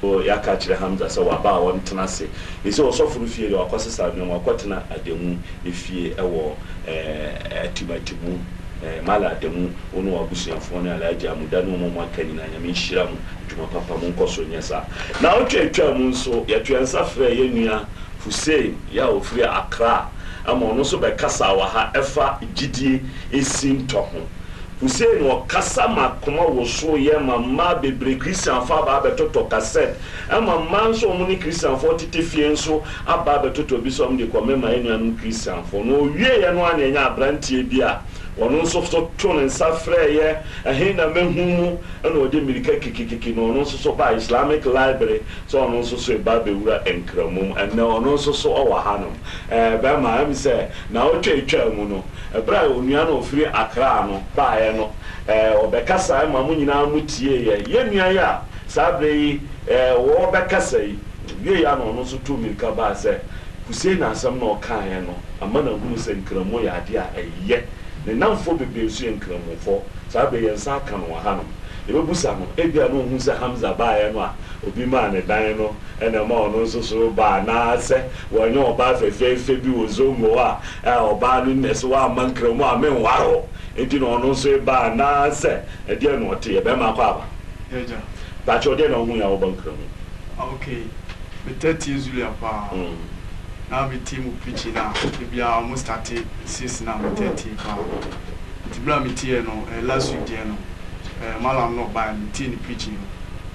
yɛaka kyerɛ hamza sɛ waba a wɔntena ase ɛsɛ ɔsɔfo no fie deɛ wakɔsesa no wakɔtena adamu fie ɛwɔ eh, atimatimu eh, mala adamu wo ne wabusuafoɔ ne alaagye amuda ne ɔmɔmɔ aka nyinaa nyame nhyira mu adwuma papa mu nkɔ so nyɛ saa na wotwaatwa mu nso yɛtwa nsa frɛ yɛ hussein yɛ a ɔfiri akra ama ɔno nso bɛkasa wɔ ha ɛfa gyidie ɛsi ho hussein ɔkasa ma koma woso yɛ ma mmaa bebree kristianfo aba abɛtotɔ kaset ɛma e mmaa nso ɔmo ne kristianfo tete fie nso aba abɛtotɔ bi sɛ ɔmo de kɔmɛ ma ɛnuanom na owie yɛ no a na ɛnyɛ aberanteɛ bi a ɔno nso so to ne nsa frɛɛyɛ ɛhe na mɛhu mu ɛna ɔgye mmirika kikikiki na ɔno nso so ba islamic library sɛ ɔno nso so ɛba bɛwura nkramom ɛnɛ ɔno nso so ɔwɔ ha ɛɛ bɛrima ɛm sɛ na ɔtwa etwa mu no ɛberɛ a onua no ofiri akra no baeɛ no ɛɛ ɔbɛkasa ɛma mo nyinaa mo tie yɛ yɛ nua yɛ a saa berɛ yi ɛɛ wɔbɛkasa yi wie yɛ na ɔno nso to mmirika baa sɛ kusie na asɛm na ɔkaeɛ no ama na hunu sɛ nkramu yɛ adeɛ a ɛyɛ ne namfoɔ bebree nso yɛ nkramofoɔ saa bɛ yɛn nsa aka no wɔ hanom yɛbɛbusa no ebi a no ohun sɛ hamza baeɛ no a obi maa ne dan no ɛna ma ɔno nso so baa n'asɛ wɔnyɛ ɔbaa fɛfɛɛfɛ bi wɔ zongo a ɛɛ ɔbaa no nɛ so wɔama nkramu a me nwaro eti na ɔno nso baa n'asɛ ɛdeɛ na ɔte yɛ bɛrima kɔ aba bàtɛ ɔdeɛ na ɔhun yɛ awɔbɔ nkramu. Ah, ok bɛ tɛ tie zulu ya na mete mu pikyi no a ebiaa ɔmo starte six na metete paa nti berɛ a meteɛ no last week deɛ no malam no ɔbaɛ metee ne pikyi no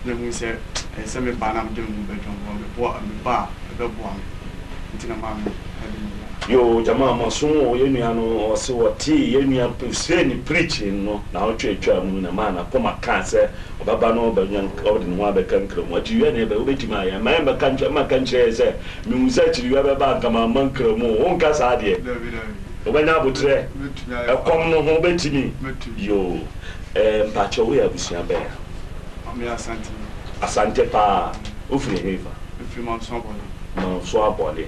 na mu sɛ ɛyɛ sɛ mebaa na mede me mu bɛdwɔmbɔ meboa meba a ɛbɛboa me nti na maa me ɛde meyɛ yo jama masomo yɛnua no ɔse wɔtee yɛnua sreni preaching no na wotwa atwa mu na ma na poma kaa sɛ ɔbɛba no ɔde ne ho abɛka nkramu ati wia neɛ wobɛtumi ayɛ ma ɛmaka nkyerɛ yɛ sɛ mehu sɛ akyiri wia bɛba nkamama nkramu wonka saa deɛ wobɛnya abotrɛ ɛkɔm no ho wobɛtumi yo mpakyɛ woyɛ abusua bɛɛ asante paa wofiri hefa ma so abɔde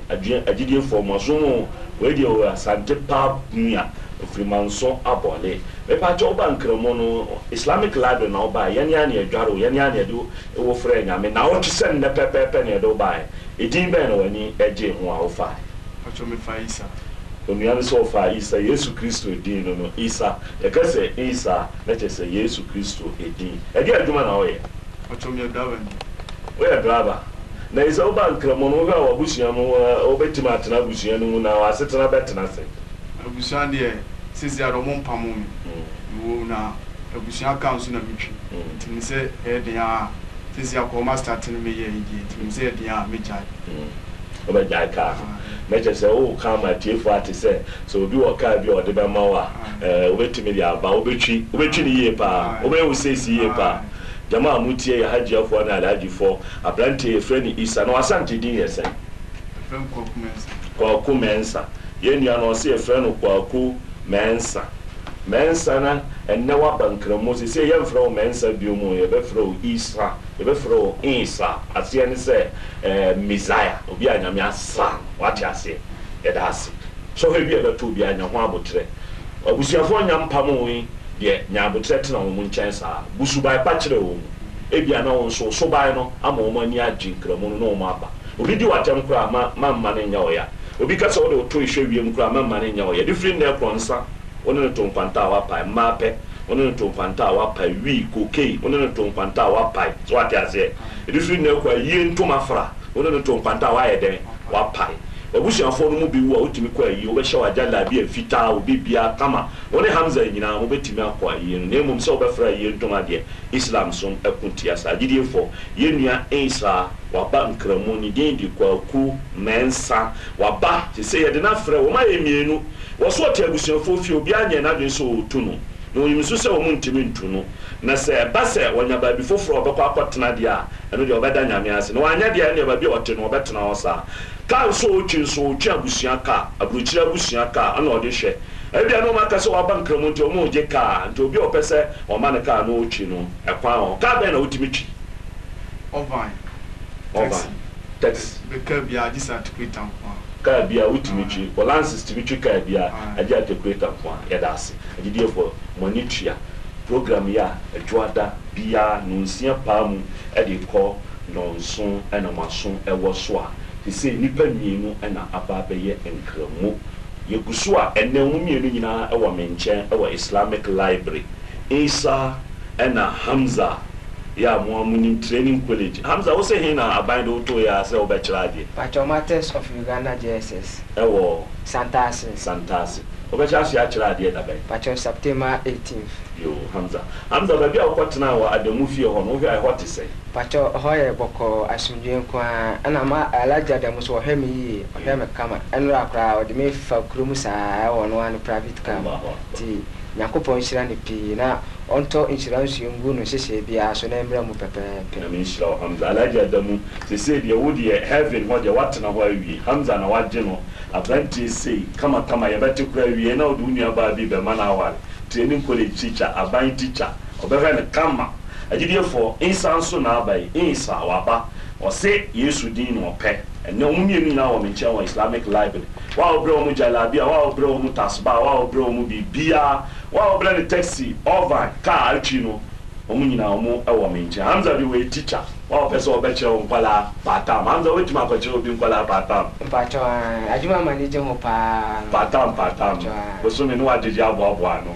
agyidiefoɔ mɔso mu wɔadi wɔ asante paa nua ɛfiri ma nso abɔde mepɛ akyɛ woba nkramu no islamic library na wobaɛ yɛne a ne adware o yɛne a ne ɛde wofrɛ nyame na wotwe sɛ nnɛ pɛpɛɛpɛ ne ɛde wobaɛ ɛdin bɛn na w'ani agye ho a wofae onua no sɛ ɔfa isa yesu kristo din no no isa yɛka sɛ isa na kyɛ sɛ yesu kristo din ɛdeɛ adwuma na woyɛ woyɛ driver na ɛsɛ woba nkramɔ no wohwɛ a wabusua no wobɛtumi atena abusua no mu na wasetena bɛtena se abusua deɛ sɛsi ade ɔmo mpamo me mewɔ mm. na abusua ka nso na metwi mm. ntimi sɛ ɛyɛ den a sɛsi akɔ master te no meyɛ yie ntimi sɛ ɛyɛ den a megyae wobɛgyae mm. kaa ah. mɛkyɛ sɛ wowo ka ma tiefo ate sɛ sɛ obi wɔ kaa bi ɔde bɛma wo a wobɛtumi ah. de aba wobɛtwi wobɛtwi no yie paa wobɛyɛ ah. wo sɛsi yie paa jama a mutie yɛ hagyeafoɔ ne alhagifoɔ aberante yɛfrɛ ne isa na wasante din yɛ sɛn kwaako mɛnsa yɛn nua no ɔsɛ yɛfrɛ no kwaako mɛnsa na ɛnɛ waba nkramu sɛ sɛ yɛmfrɛ wo mɛnsa bio mu yɛbɛfrɛ wo isa yɛbɛfrɛ wo isa aseɛ ne sɛ ɛɛ mesaia obi a nyame asa wate aseɛ yɛda ase sɔhwɛ bi a yɛbɛto obi a nya ho abotrɛ nya mpam wo deɛ nyaabotrɛ tena wɔn nkyɛn saa busuban pa kyerɛ wɔn mu ebia na wɔn nso soban no ama wɔn ani agye nkramu no na wɔn aba obi di watɛm koraa ma ma mma ne nya ɔya obi kasa wɔde oto ehwɛ wiem koraa ma mma ne nya ɔya de firi nnɛ nsa wɔne ne to mpanta a wapae mmaa pɛ wɔne ne to mpanta a wapae wii kokei wɔne ne to mpanta a wapae so wate aseɛ de firi nnɛ yie ntoma fra wɔne ne to mpanta a wayɛ dɛn wapae abusuafoɔ no mu bi wu a wotumi kɔ ayie wobɛhyɛ wagya laabia fitaa obibia kama wɔne hamza nyinaa wobɛtumi akɔ ayie no na mmom sɛ wobɛfra ayie ntom adeɛ islam som ako tia saa gyidiefoɔ yɛnnua isa waba nkramu ne din de kwaku mɛnsa waba te sɛ yɛde no afrɛ wɔma yɛ mmienu wɔ so ɔte abusuafoɔ fie obiaa nyɛ n'adwene sɛ ɔtu no na onyim nso sɛ wɔn ntumi ntu no na sɛ ɛba sɛ wɔnya baabi foforɔ ɔbɛkɔ akɔtena deɛ a ɛno deɛ ɔbɛda nyame ase na wɔanya deɛ ɛne baabi a ɔte no ɔbɛtena hɔ saa ka nso okyi nso okyi abusua ka aburukyire abusua ka ɛna ɔde ebi a n'ɔmo aka sɛ waba nkramu nti ɔmo gye kaa nti obi a ɔpɛ sɛ ɔma ne kaa n'okyi no ɛkwan hɔ kaa na wotumi twi. ɔvan ɔvan taxi bi a agye sɛ kaa twi kaa bi a agye yɛda ase program yi a biara nonsia paa mu ɛde kɔ ɛna ɛwɔ so ɛsɛ nnipa mmienu ɛna aba abɛyɛ nkramo yɛgu so a ɛnɛ mu mmienu nyinaa ɛwɔ me nkyɛn ɛwɔ islamic library isa ɛna hamza yà mo a mo nim training college hamza wo sɛ hin na aban de wotoo yà sɛ wobɛkyerɛ adeɛ patomatis of uganda jss ɛwɔ santase santase wobɛkyerɛ aso yɛakyerɛ adeɛ dabɛn pato yo hamza hamza baabi a wokɔtena wɔ adamu fie hɔ no wohwɛ a ɛhɔ te sɛe patɔ hɔ yɛ bɔkɔ asomdwe nko a ɛna ma alagya dɛm so ɔhwɛ me yie ɔhwɛ me kama ɛnora koraa ɔde me fa kurom saa ɛwɔ no a no private car nti nyankopɔn nhyira no pii na ɔntɔ nhyira nsuo ngu no hyehyɛ biara so na mmerɛ mu pɛpɛɛpɛ namenhyira wo hamza alagya da mu sesei deɛ wo deɛ heaven hɔ deɛ woatena hɔ awie hamza na wagye no aberanteɛ sei kamakama yɛbɛte kora awie na wode wo nuabaa bi bɛma no aware training college teacher aban teacher ɔbɛhwɛ no kama agyidiefoɔ nsa nso na aba yi nsa waba ɔse yesu din na ɔpɛ ɛnɛ wɔn mmienu nyinaa wɔ nkyɛn wɔ islamic library wɔn a wɔbrɛ wɔn jalabi a wɔn a wɔbrɛ wɔn tasba a wɔn a wɔbrɛ wɔn biribiara wɔn a wɔbrɛ ne taxi ɔvan kaa atwi no wɔn nyinaa wɔn wɔ me nkyɛn hamza bi wɔ tikya wɔn a wɔpɛ sɛ wɔbɛkyerɛ wɔn nkwadaa paatam hamza wɔtumi eh, akɔkyerɛ obi nkwadaa paatam. mpatsɔ adwuma ma ne gye ho paa. paatam paatam bosomi ne wadidi aboaboa ano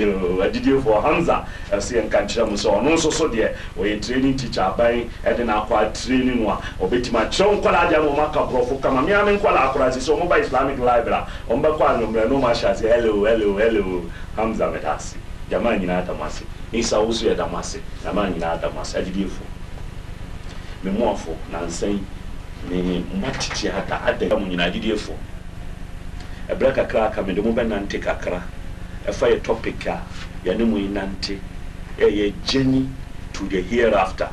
yoo adidiefoɔ hamza ɛsi yɛn nkankyerɛ mu sɛ ɔno nso so deɛ ɔyɛ training teacher aban ɛde eh, na akɔ atraining no a ɔbɛtumi akyerɛ nkwadaa deɛ wɔn aka borɔfo kama mmea ne nkwadaa akora sisi wɔn ba islamic library a wɔn bɛkɔ anwummerɛ no hello hello hello hamza mɛdaase jamaa nyinaa tam ase. ɛsa wo so yɛ dam ase ɛma nyinaa dam ase agyediefoɔ me mmoafo nansa yi me mmatete ada ada mu nyinaa agyediefoɔ ɛberɛ kakra aka mede mo bɛnante kakra ɛfa e yɛ topic a yɛne mu yi nante ɛyɛ e journey to the hereafter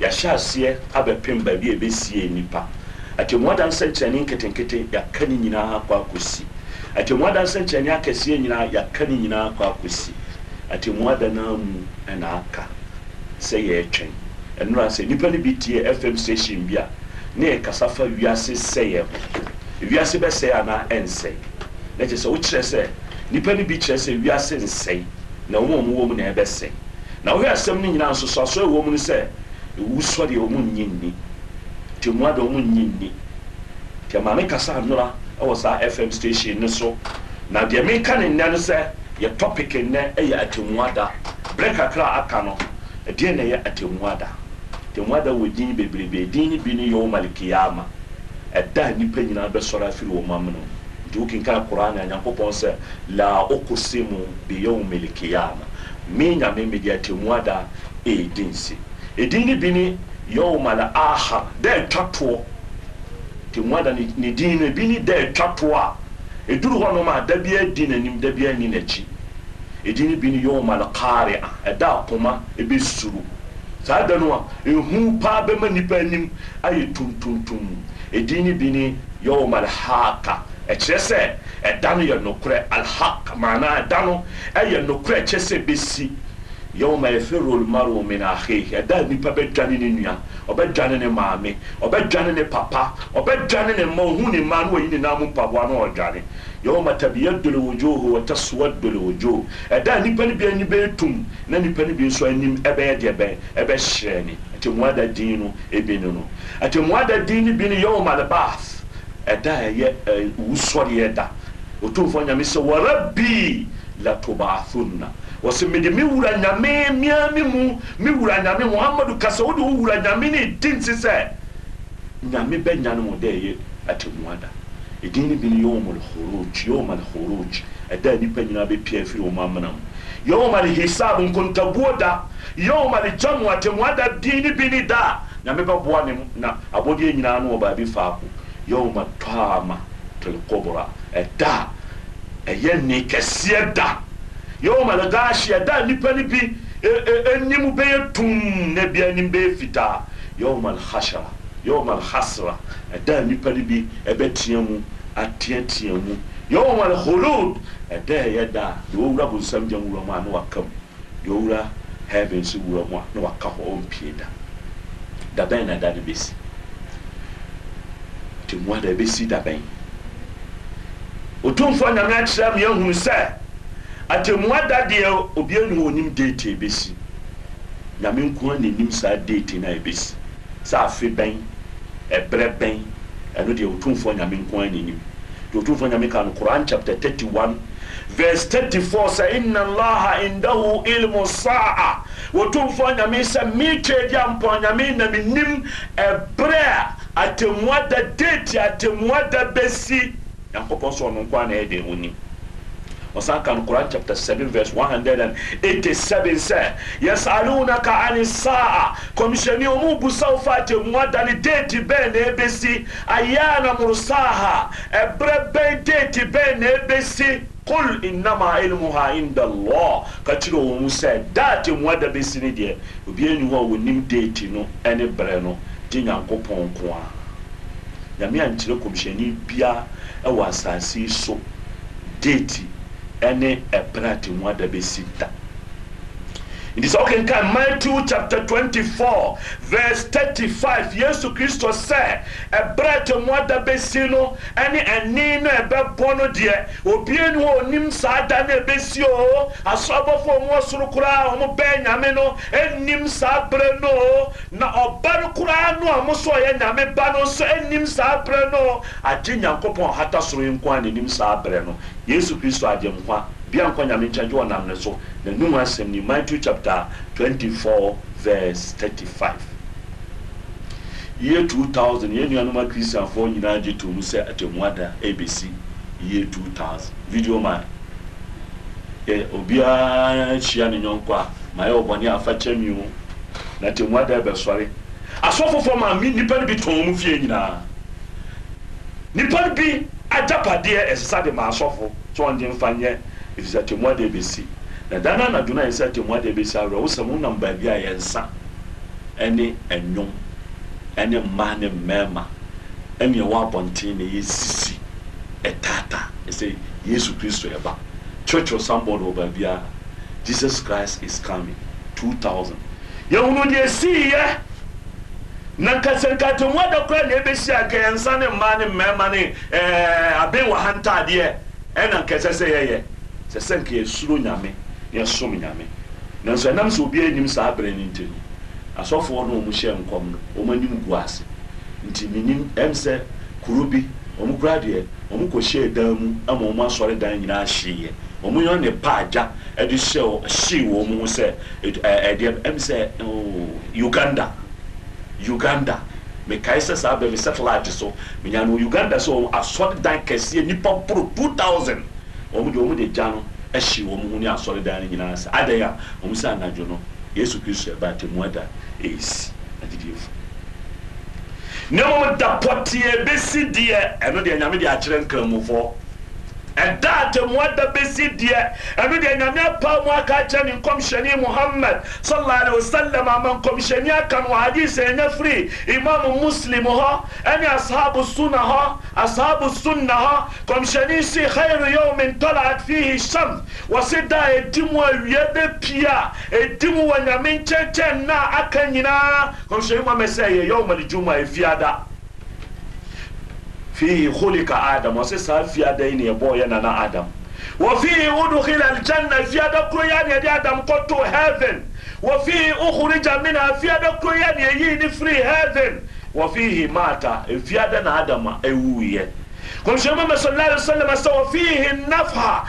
yɛahyɛ aseɛ abɛpem baabi a ɛbɛsie nnipa atemu adansa nkyerɛne nketenkete yɛaka ne nyinaa kɔ akɔsi atemu adansa nkyerɛne akɛseɛ nyinaa yɛaka ne nyinaa kɔ akɔsi ati mu adanaa mu ɛna aka sɛ yɛretwɛn nnura sɛ nipa no bi tie fm station bi a ne yɛ kasa fa wiase sɛyɛ ho wiase bɛsɛe anaa ɛnsɛe na kyerɛ sɛ wokyerɛ sɛ nipa no bi kyerɛ sɛ wiase nsɛ, na wɔn a wɔwɔ mu na ɛbɛsɛe na wohwɛ asɛm no nyinaa nso so asɔ ɛwɔ mu no sɛ ewu sɔ deɛ wɔn nyi nni te mu ada wɔn nyi nni te maame kasa nnura ɛwɔ saa fm station no so na deɛ meka ne nnɛ no sɛ. yɛ topic nnɛ e yɛ atemuada berɛ kakra aka no ɛdeɛ na ɛyɛ atemuada atemuada wɔ din bebrebe din no bi no yɛ ɔmal kiyama ɛda a nnipa nyinaa bɛsɔre afiri wɔ mam no nti wokenka koraa na nyankopɔn sɛ la okosimu biyaumil kiyama me nyame mede atemuada ɛɛdin e si ɛdin e no bi ne yawmal ahar da ɛtwa toɔ atemuada ne din no bi ne da ɛtwa toɔ a ɛduru hɔnom a da biara di n'anim da biara ni n'akyi ɛdi no bi ne yɛ no kaare ɛda akoma ɛbɛsuru saa da no a ehu paa bɛma nipa anim ayɛ tuntuntum ɛdi no bi ne yɛ ɔma no haaka ɛkyerɛ sɛ ɛda no yɛ nokorɛ alhaq maana ɛda no ɛyɛ nokorɛ kyerɛ sɛ bɛsi yawma yafirru al-mar'u min akhihi ɛda nipa bɛdwane ne nua ɔbɛdwane ne maame ɔbɛdwane ne papa ɔbɛdwane ne mma ohu ne mma no ɔyi ne nam mpaboa no ɔdwane yawma tabyaddu al-wujuhu wa taswaddu al-wujuh ɛda nipa no bi ani bɛtum na nipa no bi nso anim ɛbɛyɛ deɛ bɛn ɛbɛhyerɛ ne atemmuada din no ebi ne no atemmuada din no bi ne yawma al-ba'th ɛda ɛyɛ ɛɛ wusɔre ɛda otumfoɔ nyame sɛ wa rabbi latubathunna wɔsi mede me wura nyame mia me mu me wura nyame muhammadu kasa wode wo wura nyame ne di nti sɛ nyame bɛnya no mu dɛ ɛyɛ atemmuada ɛdin no bi no yɛwɔ malhoroj yɛwɔ malhoroj ɛda nipa nyinaa bɛpia afiri wɔ m amena mu yɛwɔ malhisab nkontabuo da yɛwɔ maljamu atemmuada din no bi ne da a nyame bɛboa ne mu na abɔdeɛ nyinaa no wɔ baabi faako yɛwɔ matama telkobra ɛda ɛyɛ ne kɛseɛ da yɛwɔ malgahyia da nnipa no bi anim e, e, bɛyɛ tum na bia anim bɛyɛ fitaa yɛwɔ malhasra yɛwɔ malhasra ɛda nnipa no bi ɛbɛteɛ mu ateateɛ mu yɛwɔ malhulud ɛda ɛyɛ da a yɛwɔwura bonsam gya wura mu a ne waka mu yɛwɔwura heaven so wura mu a ne waka hɔ ɔmpie da da bɛn na da no bɛsi nti mmoa da ɛbɛsi da bɛn ɔtumfoɔ nyame akyerɛ me yɛahunu sɛ atemmua da deɛ obiara ni wɔn nim deeti ebesi nyame nkoa na enim saa deeti na ebesi saa afe bɛn ɛbrɛ bɛn ɛno deɛ otumfoɔ nyame nkoa na enim deɛ otumfoɔ nyame kan no koran chapter thirty one verse thirty four sɛ inna allaha indahu ilmu saa otumfoɔ nyame sɛ miike di ampɔ nyame na mi nim ɛbrɛ atemmua da deeti atemmua da besi nyankopɔn sɛ ɔno nkoa na ɛde onim ɔsan kan Quran chapter seven verse one hundred and eighty-seven sɛ yasalunaka ani saa kɔmsɛni ɔmu busaw fa tɛmu adani deeti bɛn na ebesi ayana mursaha ɛbrɛ bɛn deeti bɛn na ebesi kul innama ilmuha inda Allah ka kyerɛ wɔn mu sɛ daate mu ada besi ne deɛ obiara ni hɔ a wɔnim deeti no ɛne brɛ no gye nyankopɔn ko a nyame ankyerɛ kɔmhyɛni bia ɛwɔ asase yi so ɛne ɛbena te mu ada bɛsi It is okenka Matthew chapter 24 verse 35 Yesu Kristo sɛ ɛbrɛ te mu ada bɛsi no ɛne ɛni no ɛbɛbɔ no deɛ obie ni hɔ onim saa da no ɛbɛsi o asɔbɔfo ɔmo ɔsoro koraa ɔmo bɛɛ nyame no ɛnim saa berɛ no na ɔba no koraa no a mo so ɔyɛ nyame ba no nso ɛnim saa berɛ no agye nyankopɔn ɔhata soro yi nko a n'anim saa berɛ no Yesu Kristo agye nkwa bia nkɔ nyame nkyɛn gye ɔnam ne so na asɛm ni matthew chapter 24 verse 35 yie 2000 yɛn nuanom akristianfoɔ nyinaa gye to mu sɛ atemmuada ɛbɛsi yie 2000 video man yɛ e, obiara hyia ne nyɔnko a ma yɛ ɔbɔne afa kyɛ mi o na atemmuada ɛbɛsɔre aso foforɔ ma mi nipa no bi tɔn mu fie nyinaa nipa no bi agyapadeɛ ɛsesa de ma asɔfo sɛ ɔngye mfa nyɛ ɛfiri sɛ atemmua de bɛsi na da no anadwo no a ɛsɛ atemmua de bɛsi awerɛ wo sɛ monam baabi a yɛnsa ɛne ɛnwom ɛne mmaa ne mmarima ɛne ɛwɔ abɔnten na yɛsisi ɛtaata ɛsɛ yesu kristo ɛba kyerɛkyerɛ sambɔd wɔ baabi a jesus christ is coming 2000 yɛhunu deɛ siiɛ na nkasankatamu da kora na ɛbɛsi a nsa ne mmaa ne mmarima ne eh, abɛn wɔ ha ntaadeɛ ɛna nkɛsɛ sɛ yɛyɛ sɛ sɛ nka yɛsuro nyame na yɛsom nyame nanso ɛnam sɛ obiara nim saa berɛ no nti no asɔfoɔ no ɔmo hyɛ nkɔm no ɔmo anim gu ase nti menim ɛm sɛ kuro bi ɔmo kura deɛ ɔmo kɔhyɛɛ dan mu ama ɔmo asɔre dan nyinaa hyeeɛ ɔmo yɛn ne paagya ɛde hyɛ hyee wɔn mu sɛ eh, eh, ɛdeɛ ɛm sɛ oh, uganda uganda mekae sɛ saa bɛ me satellite so menya no uganda sɛ asɔre dan kɛseɛ nipa poro 2000 wɔn deɛ wɔn de gya no ɛhyi wɔn ho ne asɔredan no nyinaa sɛ adan a wɔn sɛ anadwo no yesu kristo ɛba te mu ada ɛyɛsi adidiefo ne mu da pɔteɛ bɛsi deɛ ɛno deɛ nyame deɛ akyerɛ nkramofoɔ ɛda atemmu ada bɛsi deɛ ɛno deɛ nyame apa mu aka akyerɛ ne nkɔmhyɛne muhammad sallallahu alaihi wasallam ama nkɔmhyɛne aka no hadis ɛnya firi imam muslim hɔ ɛne ashabu sunna hɔ ashabu sunna hɔ kɔmhyɛne si khairu yawmin talat fihi sham wɔse da a ɛdi mu awia bɛpie a ɛdi mu wɔ nyame nkyɛnkyɛn na aka nyinaa kɔmhyɛne mu amɛ sɛ ɛyɛ yawmal juma ɛfiada fihi khuliqa adam wasi sa fiyada ne bo yana na adam wa fihi udkhila aljanna fiyada ko yani ya adam ko to heaven wa fihi ukhrija minha fiyada ko yani yi ni free heaven wa fihi mata fiyada na adam ewuye kun shi mama sallallahu alaihi wasallam sa wa fihi nafha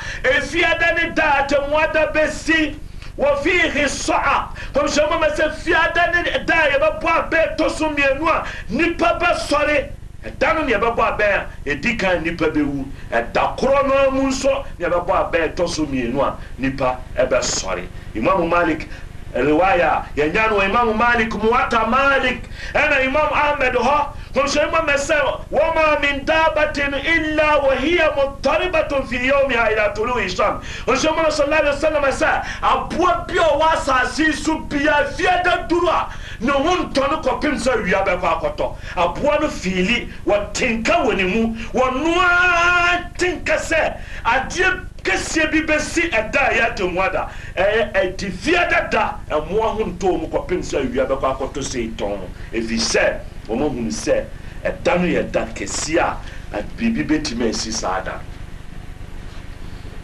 fiyada ni da ta mwada besi وفيه الصعب كم شو ما مسفيا دني دا يبقى بيتو سمينوا نبقى بصري ɛda no neɛ bɛbɔ abɛn a ɛdi kan nnipa bɛwu ɛda korɔ no mu nso neɛ bɛbɔ abɛn ɛtɔ so mmienu a nnipa ɛbɛsɔre imam malik riwaya a yɛnya no wɔ imam malik muwata malik ɛna imam ahmed hɔ kɔmsɛnba mɛsɛn wɔma min daabatin illa wa hiya mutaribatun fi yawmiha ila tulu'i shams kɔmsɛnba sallallahu alaihi wasallam sɛ a boɔ bi a wa asase so biya fiada duuru a ne ho ntɔne kɔpem sɛ wia bɛkɔ akɔtɔ a boɔ no fiili wɔ tenka wɔ ne mu wɔ noa tenka sɛ adeɛ kɛseɛ bi bɛsi ɛda a ɛyɛ atemmua da ɛyɛ ɛdi fiada da ɛmoa ho ntɔ mu kɔpem sɛ wia bɛkɔ akɔtɔ sei tɔn e ɛfiri sɛ wɔn ahunu sɛ ɛda no yɛ da kɛseɛ a biribi bɛtumi asi saa da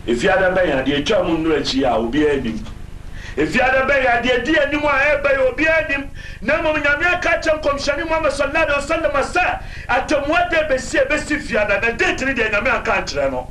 efiada bɛyɛ adeɛ atwa mu nnuro akyi a obiara anim efiada bɛyɛ adeɛ di anim a ɛbɛyɛ obiara anim na mmom nyame aka kyɛ nkɔmhyɛne mu amasɔlade ɔsɛlema sɛ atɛmmoa si bɛsi a bɛsi fiada na date no deɛ nyame anka nkyerɛ no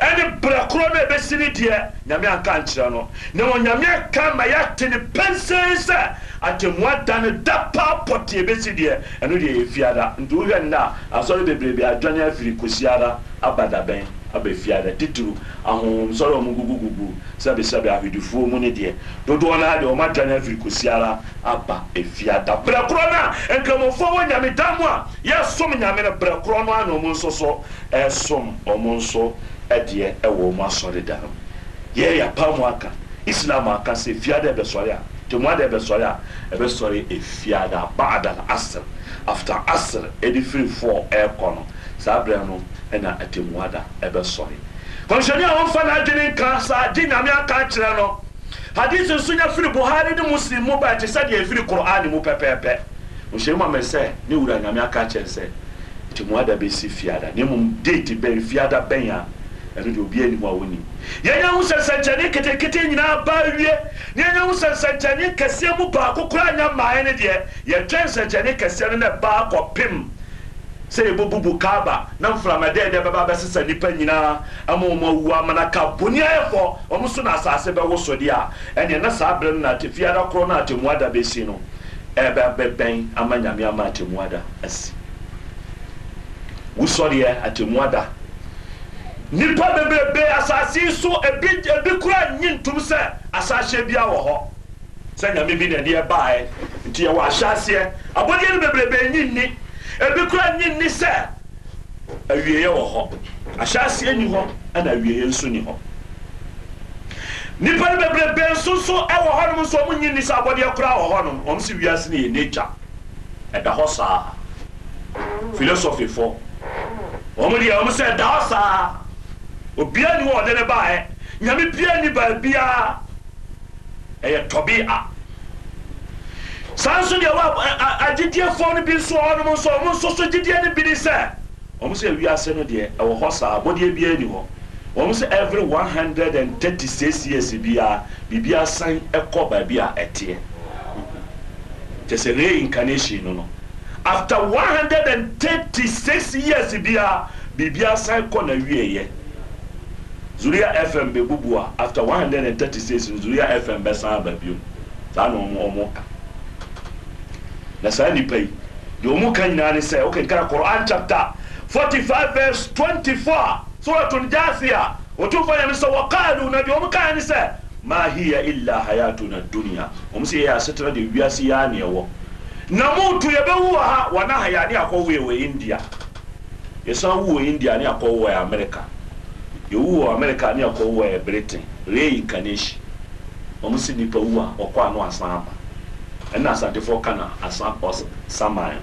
ɛne berɛ korɔ no ɛbɛsi ne deɛ nyame anka nkyerɛ no na wɔ nyame ka ma yɛate ne pɛnsɛn sɛ atemmua da no da paa pɔte ɛbɛsi deɛ ɛno deɛ yɛfiada nti wohwɛ nna asɔre bebrebe adwane afiri kosiara abadabɛn aba fiada titiri ahohomsɔre ɔmo gugugugu sɛbesɛbe ahwedifuo mu ne deɛ dodoɔ no deɛ ɔma adwane afiri kosiara aba afiada berɛ korɔ no a nkramofoɔ wɔ nyame da mu a yɛsom nyame no berɛ korɔ no ana ɔmo nso so ɛsom ɔmo nso ɛdeɛ ɛwɔ wɔn asɔredan mu yɛ yapa mu aka islam aka sɛ fiada ɛbɛsɔre a tɛmua de ɛbɛsɔre a ɛbɛsɔre efiada baada asr after asr ɛde firi four ɛɛkɔ no saa abirɛ no ɛna tɛmua da ɛbɛsɔre kɔmsɛni a wɔn fa n'adwene nka saa di nyame aka kyerɛ no hadisi nso nya firi buhari ne muslim mu ba ɛte sɛ deɛ efiri kur'an mu pɛpɛɛpɛ kɔmsɛni ma mɛ sɛ ne wura nyame aka kyerɛ sɛ tɛmua da bɛsi fiada ne mu deeti bɛn fiada bɛn a ɛno deɛ obi anim a wɔnim yɛnya ho sɛnsɛnkyɛnne ketekete nyinaa ba awie na yɛnya ho sɛnsɛnkyɛnne kɛseɛ mu baako koraa nya mmaeɛ no deɛ yɛtwɛ nsɛnkyɛnne kɛseɛ no na ɛbaa kɔpem sɛ yɛbɛbubu kaaba na mframadɛɛdɛ bɛba bɛsesa nnipa nyinaa ama wɔm awu amana ka boni ayɛfɔ ɔm so na asase bɛwo so deɛ a ɛneɛ na saa berɛ no na atefiada korɔ no atemmuada bɛsi no ɛbɛbɛbɛn ama nyame ama atemmuada asi wosɔreɛ atemmuada nipa bebrebe asase yi so ebi ebi kura nyi ntum sɛ asase bi awɔ hɔ sɛ nyame bi na ɛdeɛ baeɛ nti yɛwɔ ahyɛaseɛ abɔdeɛ no bebrebe nyi nni ebi kura nyi nni sɛ awieɛ wɔ hɔ ahyɛaseɛ nyi hɔ ɛna awieɛ nso nyi hɔ nipa no bebrebe nso so ɛwɔ hɔnom nso ɔmo nyi nni sɛ abɔdeɛ kura wɔ hɔnom ɔmo si wiase no yɛ nature ɛda hɔ saa philosophy fo wɔn deɛ wɔn sɛ ɛda hɔ saa obiara ni wɔn ɔde ne baeɛ nyame biara ni baabiara ɛyɛ tɔbi a saa nso deɛ wɔ agyidiefoɔ no bi nso ɔnom nso ɔmo nso so gyidie no bi ni sɛ ɔmo sɛ ewiase no deɛ ɛwɔ hɔ saa bɔdeɛ biara ni hɔ wɔn sɛ every one hundred and thirty six years biara biribi asan kɔ baabi a ɛteɛ kyɛ sɛ reincarnation no no after one hundred and thirty six years biara biribi asan kɔ na wieɛ zuria fm bɛbubu a after 136 states no zuria fm bɛsan aba biom saa na ɔmo ka na saa nnipa yi deɛ ɔmo ka nyinaa ne sɛ wokenka koran chapter 45 verse 24 suratul jathia ɔtumfa nyame sɛ wakalu na deɛ ɔmo kaa ne sɛ ma hiya illa hayatuna dunia ɔm sɛ yɛyɛ asetena de wiase yɛa ne ɛwɔ na motu yɛbɛwu wɔ ha wɔna hayane akɔwo yɛ wɔ india yɛsan wu wɔ india ne akɔwo wɔ amerika yɛwu wɔ america ne yɛkɔwu wɔ britain reincarnation wɔn si nipa wu a ɔkɔ ano asan aba ɛna asantefoɔ ka na asan ɔs saman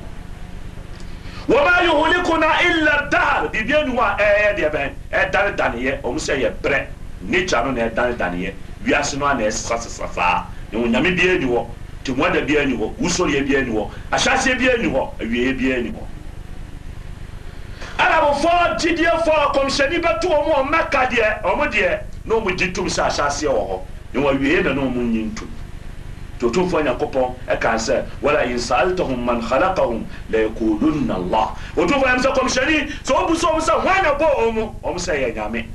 wɔn ayɛ wɔn ne ko na illa daar wa, enu a ɛyɛ deɛ bɛn ɛdanedane yɛ wɔn sɛ yɛ brɛ nature no na ɛdanedane yɛ wiase no a na ɛsesa sesa saa na wɔn nyame bi eni hɔ temu ada bi eni hɔ wusoreɛ bi eni hɔ ahyɛaseɛ bi eni hɔ awieɛ bi arabofɔ gyidiefɔ kɔmhyɛni bɛto wɔn a mɛka deɛ wɔn deɛ na di gyi tum sɛ ahyɛaseɛ wɔ hɔ na wɔn awie na na wɔn nyi ntum totumfoɔ nyankopɔn ɛkan sɛ wala insaltahum man khalaqahum layakulunna allah ɔtumfoɔ yam sɛ kɔmhyɛni sɛ wobu sɛ ɔm sɛ hwan na bɔ ɔ mu ɔm sɛ yɛ nyame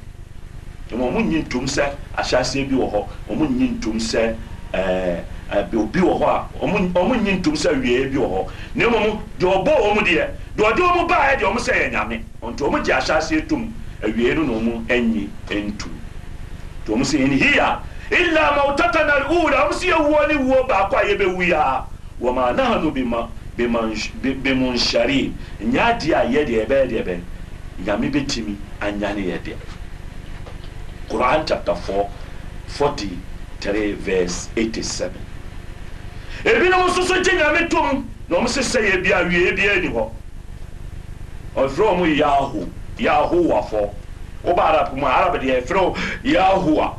ɛma ɔmo nyi ntom sɛ ahyɛaseɛ bi wɔ hɔ ɔmo nyi ntom sɛ ɛɛ eh, eh, obi wɔ hɔ a ɔmo nyi ntom sɛ awiee bi wɔ hɔ na mmom deɛ ɔbɔ ɔm deɛ deɛ ɔmo baa yɛ deɛ ɔmo sɛ yɛ nyame nti ɔmo gye ahyase etum awie no na ɔmo anyi ntu nti ɔmo sɛ yɛn hiya illa mautata na ura ɔmo sɛ yɛwuo ne wuo baako a yɛbɛwu ya wɔma nahanu bima bimu nhyari nyɛ adeɛ a yɛ deɛ ɛbɛyɛ deɛ bɛn nyame bɛtumi anyane yɛ deɛ Quran chapter four, forty three verse 87 ebinom nso gye nyame tom na ɔmo sɛ sɛ yɛ bi awie bi ani hɔ ɔfrɛ mu yaho yahowafɔ woba arab mu arab deɛ ɛfrɛ yahowa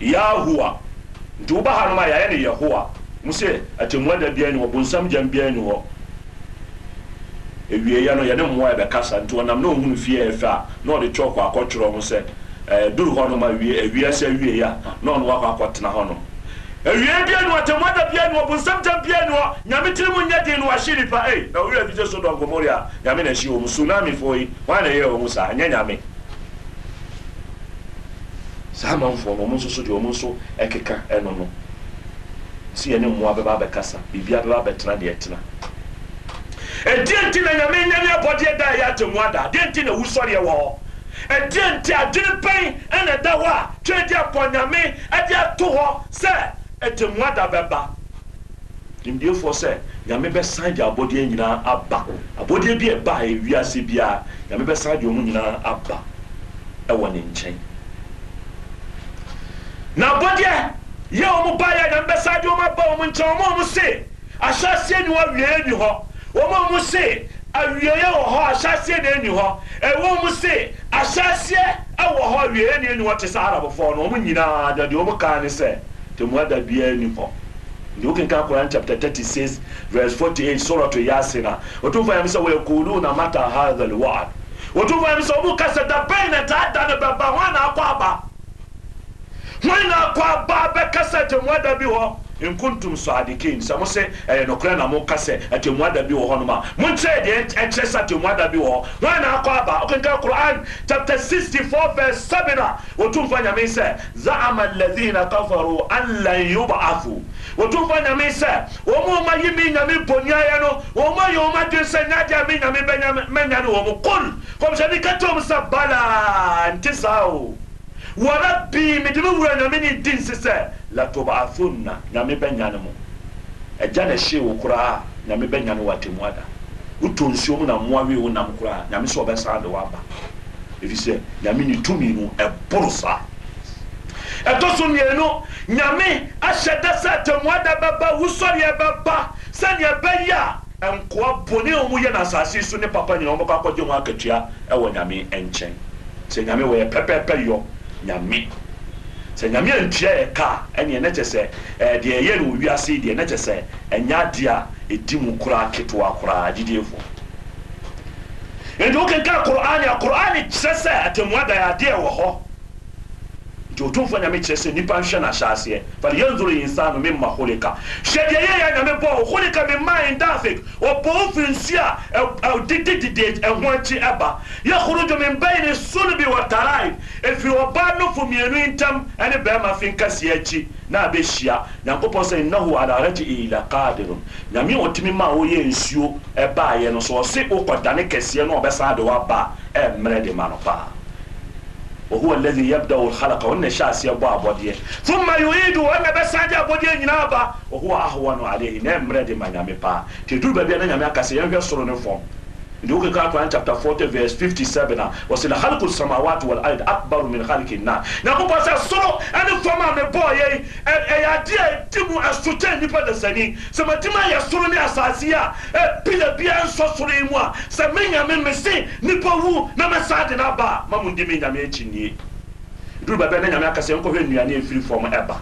yahowa nti woba ha nom a yɛayɛ ne yɛhowa mu sɛ atemmua da biara ni hɔ bonsam gyam biara ni hɔ eh, ewieyɛ no yɛne mmoa nti ɔnam na ɔhunu fie ɛfɛ a na ɔde kyɔkɔ akɔtwerɛ ho sɛ duru hɔ nom awie awiasɛ awieɛ a na ɔno wakɔ akɔtena hɔ nom awie bia ne wɔtemɔda bia ne wɔbonsamtam bia ne wɔ nyame tiri mu nyɛ den no wahye nipa ei na wowura bi gye so dɔ gomore a nyame na hyi wɔ mu sunamifoɔ yi wɔa na ɛyɛ wɔ saa ɛnyɛ nyame saa manfoɔ no ɔmo nso so deɛ ɔmo nso ɛkeka ɛno no nti yɛ ne mmoa bɛba abɛkasa biribia bɛba abɛtena deɛ ɛtena ɛdeɛ nti na nyame nyɛ abɔdeɛ da ɛyɛ atemmua da deɛ nti na wusɔreɛ wɔ hɔ ɛdeɛ nti adwene pɛn ɛna ɛda hɔ a twɛ de akɔ nyame ɛde ato hɔ sɛ ɛte nwada bɛba nimdeefoɔ sɛ nyame bɛsan de abɔdeɛ nyinaa aba abɔdeɛ bi ɛba e e e a nyinaa aba ɛwɔ ne nkyɛn na abɔdeɛ yɛ ɔmo ɔmo aba ɔmo nkyɛn ɔmo ɔmo se ahyɛseɛ ni wɔawieɛ ni se wɔ hɔ na ɛni hɔ ɛwɔ ɔmo se ahyɛseɛ ɛwɔ hɔ awieɛ na ɛni hɔ te sɛ no ɔmo deɛ ɔmo kaa tẹmu ada biara ni hɔ nti wokin ka Quran chapter thirty six verse forty eight sɔrɔ to yaasi na wotu fa yam sɛ wɔyɛ kulu na mata haadhal waad wotu fa yam sɛ wɔn kasa da bɛyi na taa da ne bɛ ba wɔn na akɔ aba wɔn na akɔ aba bɛ kasa tɛmu bi hɔ nkuntum sadikin sɛ mo se ɛyɛ nokorɛ na mo ka sɛ atemmuada bi wɔ hɔ nom a monkyerɛ deɛ ɛkyerɛ sɛ atemmuada bi wɔ hɔ wɔn akɔ aba ɔkenka quran chapter 64 verse 7 a wɔtumfa nyame sɛ zaama alladhina kafaru an lan yubathu wɔtumfa nyame sɛ wɔn mu ma yi mi nyame bonyaeɛ no wɔn mu ayɛ wɔn adwene sɛ nyagya mi nyame bɛnya mɛnya ne wɔn kol kɔmhyɛni ka tom sɛ bala nte saa o wara bii mede me wura nyame ne di nse sɛ latobaathonna nyame bɛnyane mo ɛgya na ɛhyee wo koraa nyame bɛnyane wo atemu ada wotɔ nsuo na mmoa wee wo nam koraa nyame sɛ ɔbɛsan de woaba ɛfiri sɛ nyame ne tumi no ɛboro saa ɛtɔ so mmienu nyame ahyɛ da sɛ atemuada bɛba wosɔreɛ bɛba sɛneɛ ɛbɛyɛ a nkoa bɔne a ɔmu yɛ no asase so ne papa nyina ɔmɔkɔ akɔgye ho akatua ɛwɔ nyame nkyɛn sɛ nyame wɔyɛ pɛpɛɛpɛ yɔ nyame sɛ nyame antua yɛ ka ɛneɛ na kyɛ sɛ deɛ ɛyɛ no wiase deɛ na kyɛ sɛ ɛnya adeɛ a ɛdi mu koraa ketewa koraa gyidiefoɔ nti wokenka qur'ane a qur'ane kyerɛ sɛ atemmuadaeɛ adeɛ wɔ hɔ nti otumfoɔ nyame kyerɛ sɛ nnipa nhwɛ no ahyɛaseɛ falyanzuru insanu mima holika hwɛ deɛ yɛyɛ nyame bɔɔ holika min main dafik ɔbɔɔ firi nsu a dededede ɛho akyi ɛba yɛhorojo min baine sulbi wataraib ɛfiri ɔbaa nofo mmienu ntam ɛne bɛrima finkasiɛ akyi na abɛhyia nyankopɔn sɛ innahu ala rajii laqadirun nyame ɔtumi ma woyɛ nsuo ɛbaayɛ no so ɔse wokɔdane kɛseɛ na ɔbɛsan de woaba ɛmmerɛ de ma no paa وهو الذي يبدا الخلق ون شاس يبوا ابوديه ثم يعيد ون بساج ابوديه nyina ba وهو اهون عليه نمرد ما nyame pa te dur ba bia na nyame akase yɛhwɛ soro ne fam duka ka Quran chapter 40 verse 57 na wasila khalqu samawati wal ardi akbaru min khalqi na na ko pa sa sono ani fama me boy ye eh, e eh, eh, ya dia timu asute ni pa da sani se matima ya sono ni asasi ya e pila bia nso sono mu a se menya me me ni pa wu na me sa de na ba mamundi me nya me echi ni duru ba be na nya me akase nko hwe nuane efiri fo mo eba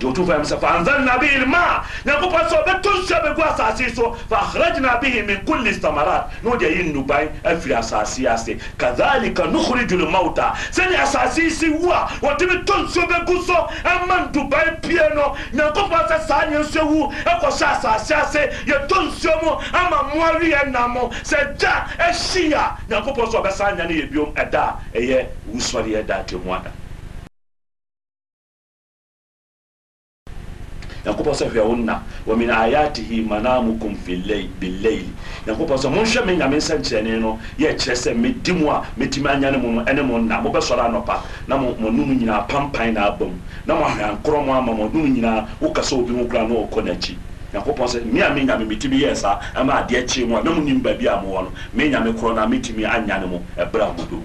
jootu fayam sa fa anzalna bihi lma nyankopɔn sɛ ɔbɛto nsuo bɛgu so fa akhrajna bihi min kulli samarat na ɔde ayi nnuban afiri asase ase kadhalika nukhriju lmauta sɛne asase si wu a wɔtumi to nsuo bɛgu so ɛma nduban pie no nyankopɔn sɛ saa nyɛ nsuo wu ɛkɔhyɛ asase ase yɛto nsuo mu ama mmoareɛ nam sɛ da ahyi a nyankopɔn sɛ ɔbɛsa nya no yɛ biom ɛda a ɛyɛ wusɔreɛ da atemu ada yankopa sɛ hwɛwo wa min ayatihi manamukum billaili yankopa sɛ monhwɛ me nyame nsɛnkyerɛne no yɛkyerɛ sɛ medi mu a mɛtumi anyane mu no ɛne mo nna mobɛsɔre anɔpa na mo nom nyinaa pampan na abam na moahweankorɔ mo ama mo nom nyinaa woka sɛ obi ho kora na wɔkɔ n'akyi nyankopɔn sɛ me a me nyame metumi yɛ saa ama adeɛ kyee mu a na monim baabi a mowɔ no me nyame korɔ anyane mo ɛberɛ a mobɛwu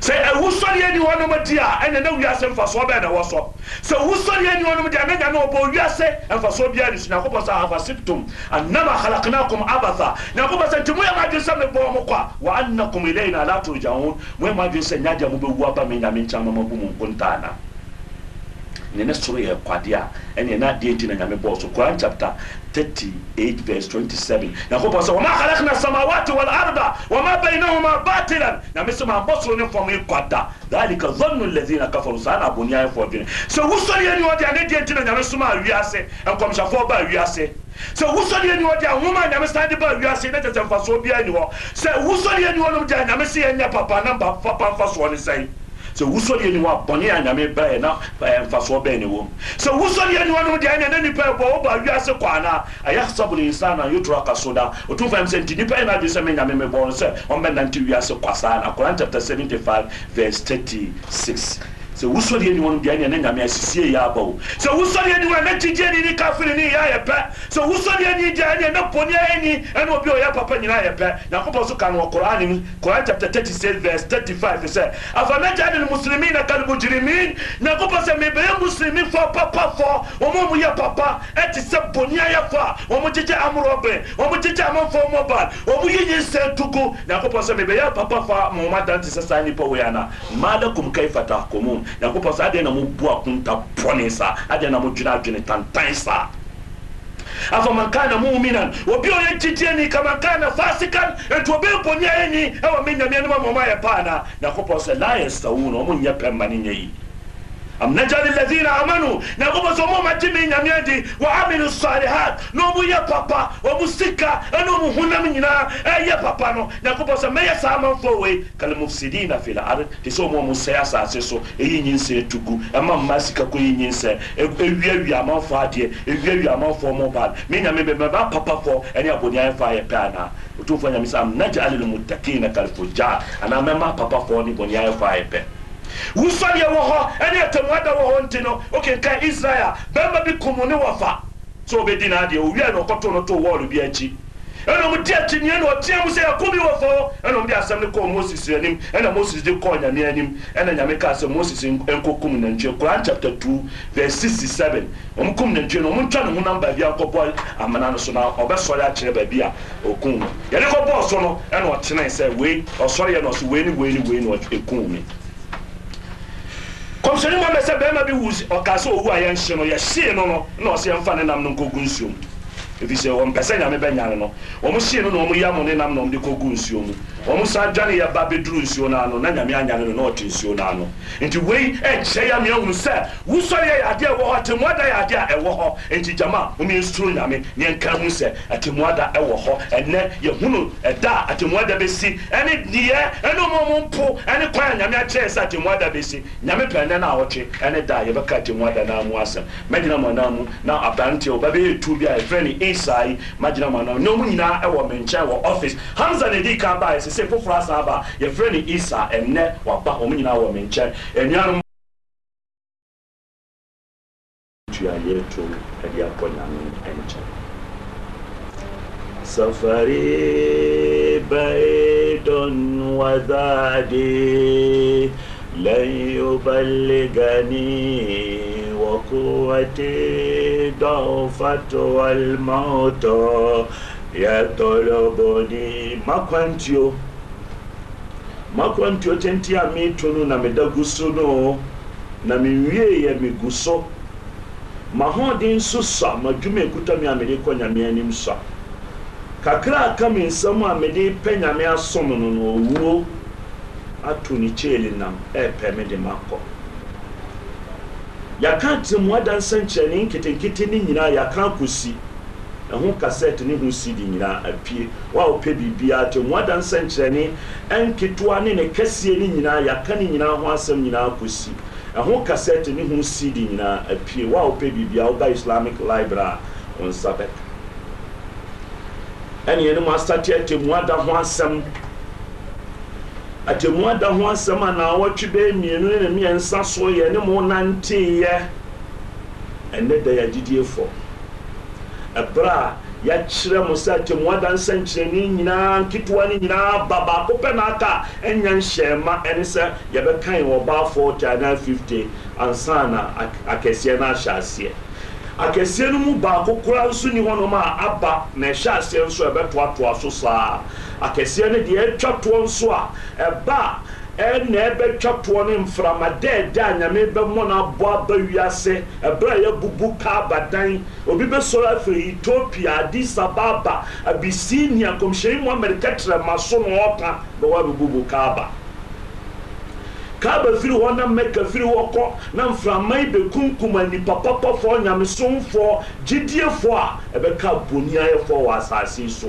sɛ ɛwusɔre aniwanom di a ɛnɛ na wiase mfasoɔ bɛɛ na wɔ sɔ sɛ wusɔre aniwanom di a ne nyame ɔbɔ wiase mfasoɔ biara ne so nyankopɔn sɛ afasiptum annama khalaqnakum abatha nyankopɔn sɛ nti moyɛ adwen sɛ mebɔɔ mo kɔ a wa annakum ilaina la turjaun moyɛ adwen sɛ nyadeɛ mobɛwu aba me nyame nkyɛn ma bu mu nkontaa na ne ne soro yɛ kwade a ɛneɛ na adeɛ nti na nyame bɔɔ so koran chapter 38 verse 27 nyankopɔn sɛ wama halakna samawati walarda wama bainahuma batilan nyame sɛ mambɔ soro ne fam kɔda dhalika dhannu alladhina kafaru saa na abɔne ayɛfoɔ dwene sɛ wosɔreɛ ni ɔde ane deɛ nti na nyame soma awiase nkɔmhyɛfoɔ ba awiase sɛ wusɔdeɛ ni hɔ de a nwoma a nyame san de ba wiase na kyɛ sɛ mfasoɔ biara ni hɔ sɛ wusɔdeɛ ni hɔ nom de a nyame se yɛnyɛ papa na papa mfasoɔ ne sɛn sɛ wusɔre aniwa bɔne a nyame brɛɛ na eh, mfasoɔ bɛɛ ne wom sɛ wusɔre aniwa no deɛ nɛna nipa ɛbɔ woba wiase kɔ anaa ayahsabu linsan an yutraka soda ɔtumfa m sɛ nti nipa ɛna adwe sɛ me nyame mebɔ no sɛ ɔmbɛnante wiase kɔ saa na koran chapter 75 verse 36 sɛ wosɔreɛ ni wɔnom deɛ neɛ ne nyame asisie yɛ aba wo sɛ wosɔreɛ ni wɔ ɛnɛ kyigye ni ne kafiri ne yɛ ayɛ pɛ sɛ wosɔreɛ ni gya ɛne ɛnɛ pɔne ayɛ ni ɛne obi a ɔyɛ papa nyinaa ayɛ pɛ nyankopɔn so ka no wɔ koran mu koran chapter 36 verse 35 sɛ afanagya ne muslimi na kal mujrimin nyankopɔn sɛ mebɛyɛ musulmi fɔ papafɔ wɔma mu yɛ papa ɛte sɛ bɔne ayɛfɔ a wɔmo gyegye amorɔbe wɔmo gyegye amanfɔ mobile wɔmo yiyi nsɛ tugu nyankopɔn sɛ mebɛyɛ papafɔ a ma wɔma dante sɛ saa nnipa wei ana malakum kaifa nyankopɔn sɛ adeɛ na bu akonta pɔne saa adeɛ na modwene adwene tantan saa afaman kana muminan obi ɔyɛ gyigyeɛni kama kana fasikan ɛnti ɔbɛyɛ bɔne eni ɛwɔ me nyameɛ no ma yɛ paa na nyankopɔn sɛ la yɛ sawuno ɔmo nyɛ pɛ mma ne nyɛ yi am najali alladhina amanu nagoba somo majimi nyamyadi wa amilu salihat nomu ye papa omusika anomu nyina eye eh, papa no nagoba meye meya sama fowe kal mufsidina fil ard tisomo musaya sa seso eyi eh, nyinse tugu ama masika ko yi nyinse ewia wia ma fo ade ewia wia ma fo mo bal me nyame be ba papa fo ene eh, aboni ay fa ye pana utufanya misa am najali almuttaqina kal fujjar ana mema papa fo ni boni ay fa ye pe wusɔdeɛ wɔ hɔ ɛne atamuada wɔ hɔ nti no wokenka israel bɛrima bi kumu ne wɔfa sɛ wobɛdi naadeɛ owia na ɔkɔto no to wɔɔlo bi akyi ɛnom di akyinnyeɛ na ɔteɛ mu sɛ yɛkomi wɔ fɔ ɛnom de asɛm no kɔɔ moses anim ɛna moses de kɔɔ nyame anim ɛna nyame kaa sɛ moses nkɔkum nantwie koran chapter 2 verse 67 ɔm kum nantwie no ɔmontwa ne ho namba bia nkɔbɔ amana no so na ɔbɛsɔre akyerɛ baabi a ɔkum no yɛde kɔbɔɔ so no ɛna ɔtenee sɛ wei ɔsɔreɛ na ɔso wei ne wei ne wei na ɛkum me kɔmsɛni ma mɛ sɛ bɛrima bi wu ɔka sɛ owu a yɛn hye no yɛhyee no no na ɔsɛ yɛmfa ne nam no nkɔgu nsuo mu ɛfiri sɛ wɔmpɛ sɛ nyame bɛnyane no wɔm hyee no na wɔm yam ne nam na wɔm kɔgu nsuo mu wɔn san dwane yɛ ba bɛduru nsuo no ano na nyame anyane no na ɔte nsuo no ano nti wei ɛkyerɛ yɛ meahu sɛ wosɔre yɛ yadeɛ ɛwɔ hɔ atemmuada yɛ adeɛ a ɛwɔ hɔ nti gyama womeɛsuro nyame neɛnka hu sɛ atemmuada ɛwɔ hɔ ɛnɛ yɛhunu ɛda a atemmuada bɛsi ɛne deɛ ɛne ɔmɔmo mpo ɛne kwan a nyame akyerɛ sɛ atemmuada bɛsi nyame pɛ nnɛ no a ɛne da a yɛbɛka atemmuada no mu asɛm mɛgyina mo anan na aberanteɛ ɔba bɛyɛ tu bi a ɛfrɛ ne isai magyina mo anan mu na ɔmu nyinaa ɛwɔ me nkyɛn wɔ office hamsa ne di kan baa ɛsɛ sɛ foforɔ asa aba yɛfrɛ uh, no isa ɛnnɛ waba ɔmo nyinaa wɔ me nkyɛn anuanom tuayɛto ade akɔ nyame nkyɛn سفري بعيد وذادي لن يبلغني وقوتي ضعفت والموت yatoloboni makwantio makwantio tenti a meto no na meda gu so no na mewieeɛ megu so mahoɔden nso sa madwuma ɛkuta me a mede kɔ nyame anim sa kakra aka me nsɛm a mede pɛ nyame asom no no ɔwuo ato ne kyeeli nam ɛɛpɛ me de makɔ yɛaka atemmoa dansankyerɛne nketenkete ne nyinaa yɛaka akɔsi ɛho kasɛte ne ho cd nyinaa apue wa wopɛ biribiaa te mmoada nsɛnkyerɛne ɛnketewa ne ne kɛseɛ no nyinaa yɛaka ne nyinaa ho asɛm nyinaa kɔsi ɛho kasɛte ne ho cd nyinaa apue wa wopɛ biribiaa woba islamic library a wo nsa bɛka ɛneɛ no mu asate atemmuada ho asɛm atemmuada ho asɛm anaawɔtwe bɛɛ mmienu ne ne mmiɛnsa so yɛ ne mo nanteeɛ ɛnɛ da yɛ agyidiefɔ ɛberɛ a yɛakyerɛ mo sɛ atemmuada nsɛnkyerɛnne nyinaa nketewa no nyinaa ba baako pɛ na aka ɛnyɛ nhyɛɛma ɛne sɛ yɛbɛkan wɔ baa 40 anaa 50 ansa na akɛseɛ no ahyɛ aseɛ akɛseɛ no mu baako koraa nso ni hɔnom a aba na ɛhyɛ aseɛ nso ɛbɛtoatoa so saa akɛseɛ no deɛ ɛtwa toɔ nso a ɛba ɛna ɛbɛtwa toɔ ne mframa dɛɛdɛ a nyame bɛmmɔ no abɔ aba wiase ɛberɛ a yɛbubu kaaba dan obi bɛsɔre afiri ethiopia addis ababa abisinia kɔmhyɛni mohamed kɛtrɛma so no ɔka bɛwɔ abɛbubu kaaba kaaba firi hɔ na mɛka firi hɔ kɔ na mframa yi bɛkunkum nipa papafɔ nyamesomfoɔ gyidiefoɔ a ɛbɛka boni ayɛfoɔ wɔ asase yi so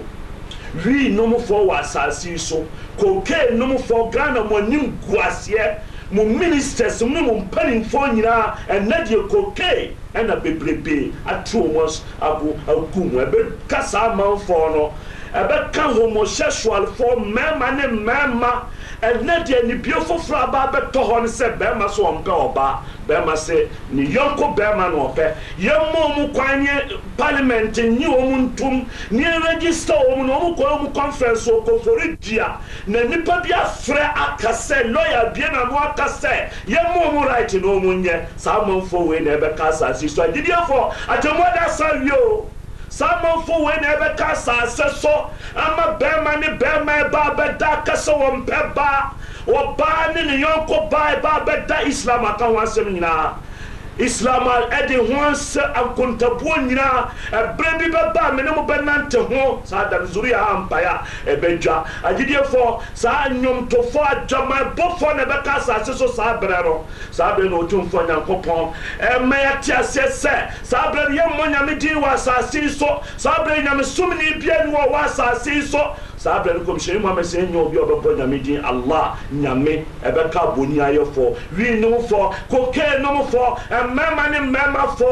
rii nomfoɔ wɔ asase yi so kokee nomfoɔ ghana mo anim gu aseɛ mo ministers mu ne mo mpanimfoɔ nyinaa ɛnɛ deɛ kokee ɛna bebrebee ato wɔn abo agu mu ɛbɛka saa amanfoɔ no ɛbɛka homosexualfoɔ mmarima ne mmarima ɛnɛ deɛ nibie foforɔ aba abɛtɔ hɔ no sɛ bɛrima so wɔn pɛ ɔbaa bɛrima se ne yɔnko bɛrima na ɔpɛ yɛmma ɔmu kwan nyɛ parliament nye ɔmu ntom ne ɛregista ɔmu na ɔmu kɔ ɔmu conference ɔkɔfori dia na nipa bi afrɛ aka sɛ lɔya bie na no aka sɛ yɛmma ɔmu right na ɔmu nyɛ saa amanfo wei na ɛbɛka asase so agyidiefo atemmu ada asa wie o saa amanfo wei na ɛbɛka asase so ama bɛrima ne bɛrima ɛba abɛda akasɛ wɔn pɛ baa ɔbaa ne ne yɔnko baa ɛbaa bɛda islam aka ho asɛm nyinaa islam ɛde ho sɛ akontabuo nyinaa ɛberɛ bi bɛba a mene mo bɛnante ho saa dam zuriya ha mpae a ɛbɛdwa agyediefoɔ saa nnwomtofoɔ adwamaɛbɔfoɔ na ɛbɛka asase so saa berɛ no saa berɛ na ɔtumfoɔ nyankopɔn ɛma yɛte aseɛ sɛ saa berɛ no yɛmmɔ nyame din wɔ asase yi so saa berɛ nyamesomne bia ni wɔ wɔ asase yi so saa abirɛ no kɔmhyɛni muhammed sɛ nyɛ obi a ɔbɛbɔ nyame din allah nyame ɛbɛka aboni ayɛfɔ wiinumfɔ kokainumfɔ mmarima ne mmarimafɔ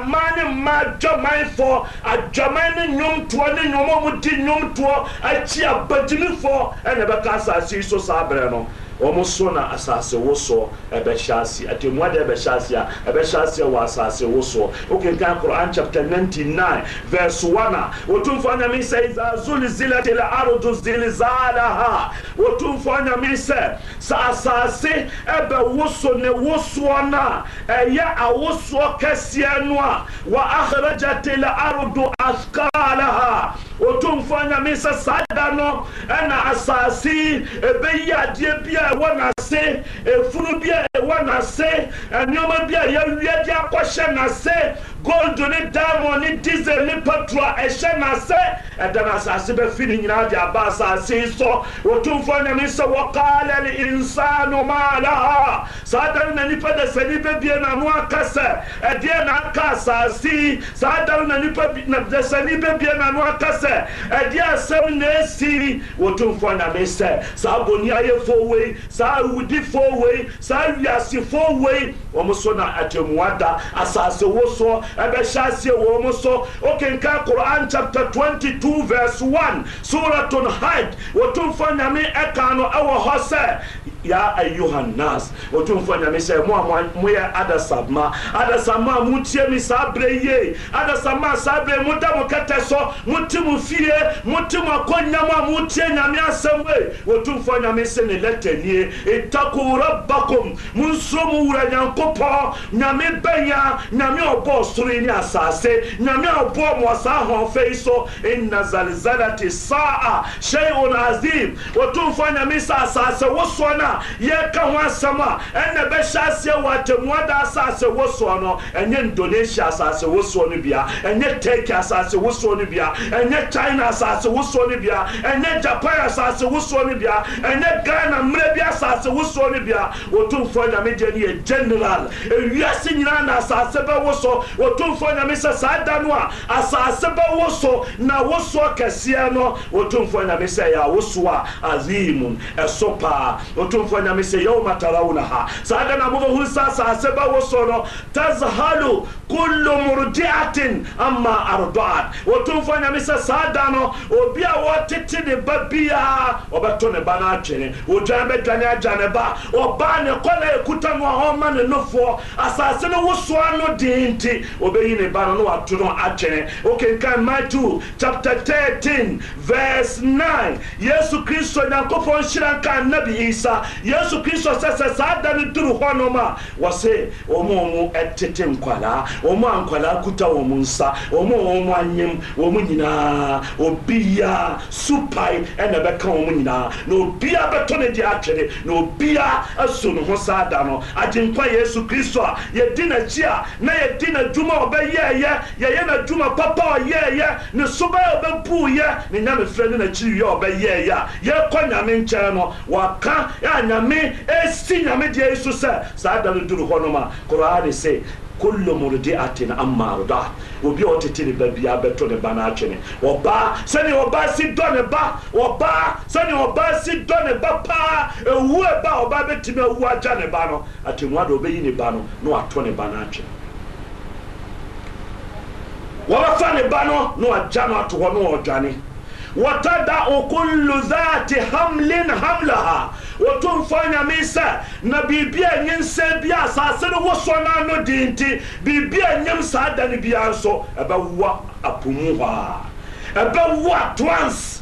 mmaa ne mmaa adwamanfɔ adwaman ne nnwomtoɔ ne nnwom a wɔdi nnwomtoɔ akyi abagyinifɔ ɛna ɛbɛka asase yi so saa abirɛ no wɔn so na asase wosoɔ ɛbɛhyɛ ase atemua de ɛbɛhyɛ ase a ɛbɛhyɛ ase wɔ asase wosoɔ okenkan koran chapter ninety nine verse one a wotumfoɔ nyame sɛ iza zulzila tele arodo zilzaalaha wotumfoɔ nyame sɛ sɛ asase ɛbɛ woso ne wosoɔ no a ɛyɛ awosoɔ kɛseɛ no a wa akhraja tele arodo askaalaha wotumfoɔ nyame sɛ saa da no ɛna asase ɛbɛyi adeɛ bia a ɛwɔ n'ase efunu bi a ɛwɔ n'ase nneɛma bi a yɛwie de akɔhyɛ n'ase gold ne diamond ne diesel ne petrol a ɛhyɛ n'ase ɛda n'asase bɛfi ne nyinaa de aba asase yi so wotumfoɔ nyame sɛ wɔkaala ne insano maalaha saa da no na nipa dasani bɛbie n'ano aka sɛ ɛdeɛ na aka asase yi saa da no na nipa dasani bɛbie n'ano aka sɛ ɛdeɛ asɛm na esi wotumfoɔ nyame sɛ saa boni ayɛfoɔ wei saa awudifoɔ wei saa awiasefoɔ wei wɔn so na atemmuwa da asase wosoɔ ɛbɛhyɛ aseɛ wɔn so okenka koran chapter twenty two verse one suratun hajj wɔtumfo nyame ɛka no ɛwɔ hɔ sɛ ya ayyuhan nas otumfo nyame sɛ mo a moyɛ adasamma adasamma a motie mi saa berɛ yie adasamma a saa berɛ moda mo kɛtɛ so mote mo fie mote mo akɔnyam a motie nyame asɛm e otumfo nyame sɛ ne lɛtanie itako rabbakum monsuro mo wura nyankopɔn nyame bɛnya nyame ɔbɔɔ soro yi ne asase nyame a ɔbɔɔ mo saa ahoɔfɛ yi so inna zalzalati saa shay'un azim otumfo nyame sɛ asase wosoɔ no a a yɛka ho asɛm a ɛna ɛbɛhyɛ aseɛ wɔ atemmuada asase wosoɔ no ɛnyɛ indonesia asase wosoɔ no bia ɛnyɛ turkey asase wosoɔ no bia ɛnyɛ china asase wosoɔ no bia ɛnyɛ japan asase wosoɔ no bia ɛnyɛ ghana mmerɛ bi asase wosoɔ no bia wɔtumfoɔ nyame deɛ no yɛ general ewiase nyinaa na asase bɛwo so wɔtumfoɔ nyame sɛ saa da no a asase bɛwo so na wosoɔ kɛseɛ no wɔtumfoɔ nyame sɛ ɛyɛ awosoɔ a azimu, ɛso paa wɔtum mfanyamishe yauma tarawunaha saada namuva hul sasa aseba sono tazhalu kullu murdiatin amma ardaat wotumfanyamisa saadano obia wotete ne ba biaa ɔbɛto ba no atwene odwan bɛdwane agya ne ba ɔbaa ne kɔla ɛkuta no a ɔma ne nofoɔ asase no wosoa no den nti obɛyi ne ba no na wato no atwene wokenkan chapter 13 verse 9 yesu kristo nyankopɔn hyira nka annabi isa yesu kristo sɛ sɛ saa da no duru hɔnom a wɔse ɔmo ɔmo ɛtete nkwalaa ɔmo a nkwalaa kuta wɔn nsa ɔmo a wɔn anyem wɔn nyinaa obiara supae ɛna ɛbɛka wɔn nyinaa na obiara bɛtɔ ne deɛ atwere na obiara aso ne ho saa da no agyenkwa yesu kristo a yɛdi n'akyi a na yɛdi n'adwuma a ɔbɛyɛɛyɛ yɛyɛ n'adwuma papa a ɔyɛɛyɛ ne soba a ɔbɛbuuyɛ ne nyamefrɛ ne n'akyiri wie a ɔbɛyɛɛyɛ a yɛkɔ nyame nkyɛn no wɔaka a nyame ɛsi nyame deɛ so sɛ saa da no duru hɔ nom a korane se kullu murdi'atin amma arda obi a ɔtete ne ba bia bɛtɔ ne ba no atwene ɔbaa sɛnea ɔbaa si dɔ ne ba ɔbaa sɛnea ɔbaa si dɔ ne ba paa ɛwu a ba ɔbaa bɛtumi awu agya ne ba no atemmua de ɔbɛyi ne ba no na watɔ ne ba no atwene wɔbɛfa ne ba no na wagya no ato hɔ na wɔdwane وتدع كل ذات حمل حملها wɔtomfo nyame sɛ na biribi a nye nsa bi a asase no wosɔ no ano di nti biribi a nyam saa da no biara nso ɛbɛwoa apo mu hɔ a ɛbɛwoa toans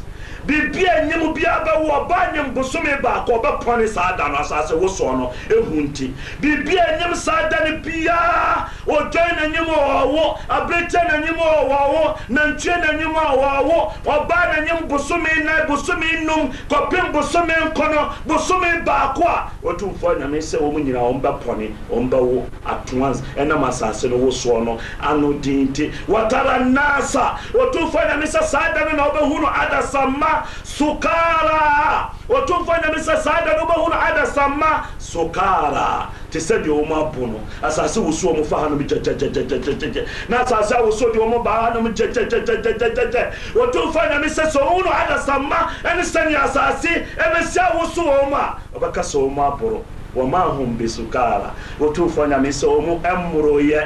biribi a ɛnyɛ mu biara bɛwɔ ɔba nyɛ bosome baako ɔbɛpɔne saa da no asase wosɔ no ehu nti biribi a ɛnyɛ mu saa da no biara odwan n'anim ɔwɔ abirikya n'anim ɔwɔ nantwie n'anim ɔwɔ ɔba n'anim bosome nan bosome num kɔpem bosome nkɔnɔ bosome baako a otumfoɔ nyame sɛ wɔn nyinaa wɔn bɛpɔne wɔn bɛwo atoa ɛnam asase no wosɔ no ano din nti wɔtara naasa otumfoɔ nyame sɛ saa da no na wɔbɛhu no adasamma sukara wɔtumfo nyame sɛ saa da no wobɛhu no adasamma sukara te sɛ deɛ wɔm abo no wusu wosuɔ mo fa hanom gyɛgyɛgyɛgyɛgyɛgyɛ na asase a wosuɔ deɛ wɔm baa hanom gyɛgyɛgyɛgyɛgyɛgyɛ wɔtumfo nyame sɛ sɛ ɔhu no adasamma ɛne sɛnea asase ɛbɛsi a woso wɔ m a ɔbɛka sɛ wɔm aboro wamahum bisukara utufanya misomu emruye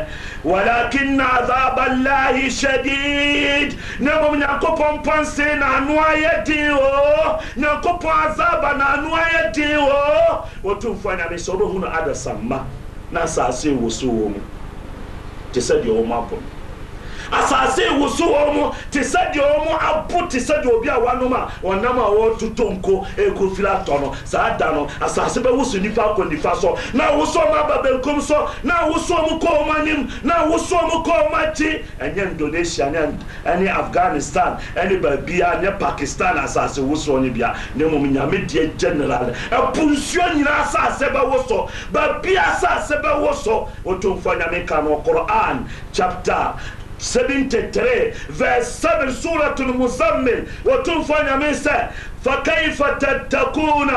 walakina adhaba llahi shadid nemo nyankopo na nanwaye diwo nyankopo azaba nanwaye diwo utufanya misomu huno adasamma nasasi wusuwomu tisadiomapono asase wusu wɔn mu te sɛ deɛ wɔn abo te sɛ deɛ obi a wanom a wɔnam a wɔretoto nko ɛkɔ firi atɔ no saa da no asase bɛwusu nifa akɔ nifa sɔ na wusu wɔn aba benkum sɔ na wusu wɔn kɔ wɔn anim na wusu wɔn kɔ wɔn akyi ɛnyɛ indonesia ne ɛne afghanistan ɛne baabia ne pakistan asase wusu wɔn bia ne mu nyame deɛ general ɛpo nsuo nyinaa asase bɛwɔ sɔ baabia asase bɛwɔ sɔ wɔtumfo nyame kan no koran chapter. 73 vers 7 suratul muzammil wato fanya min فكيف تتقون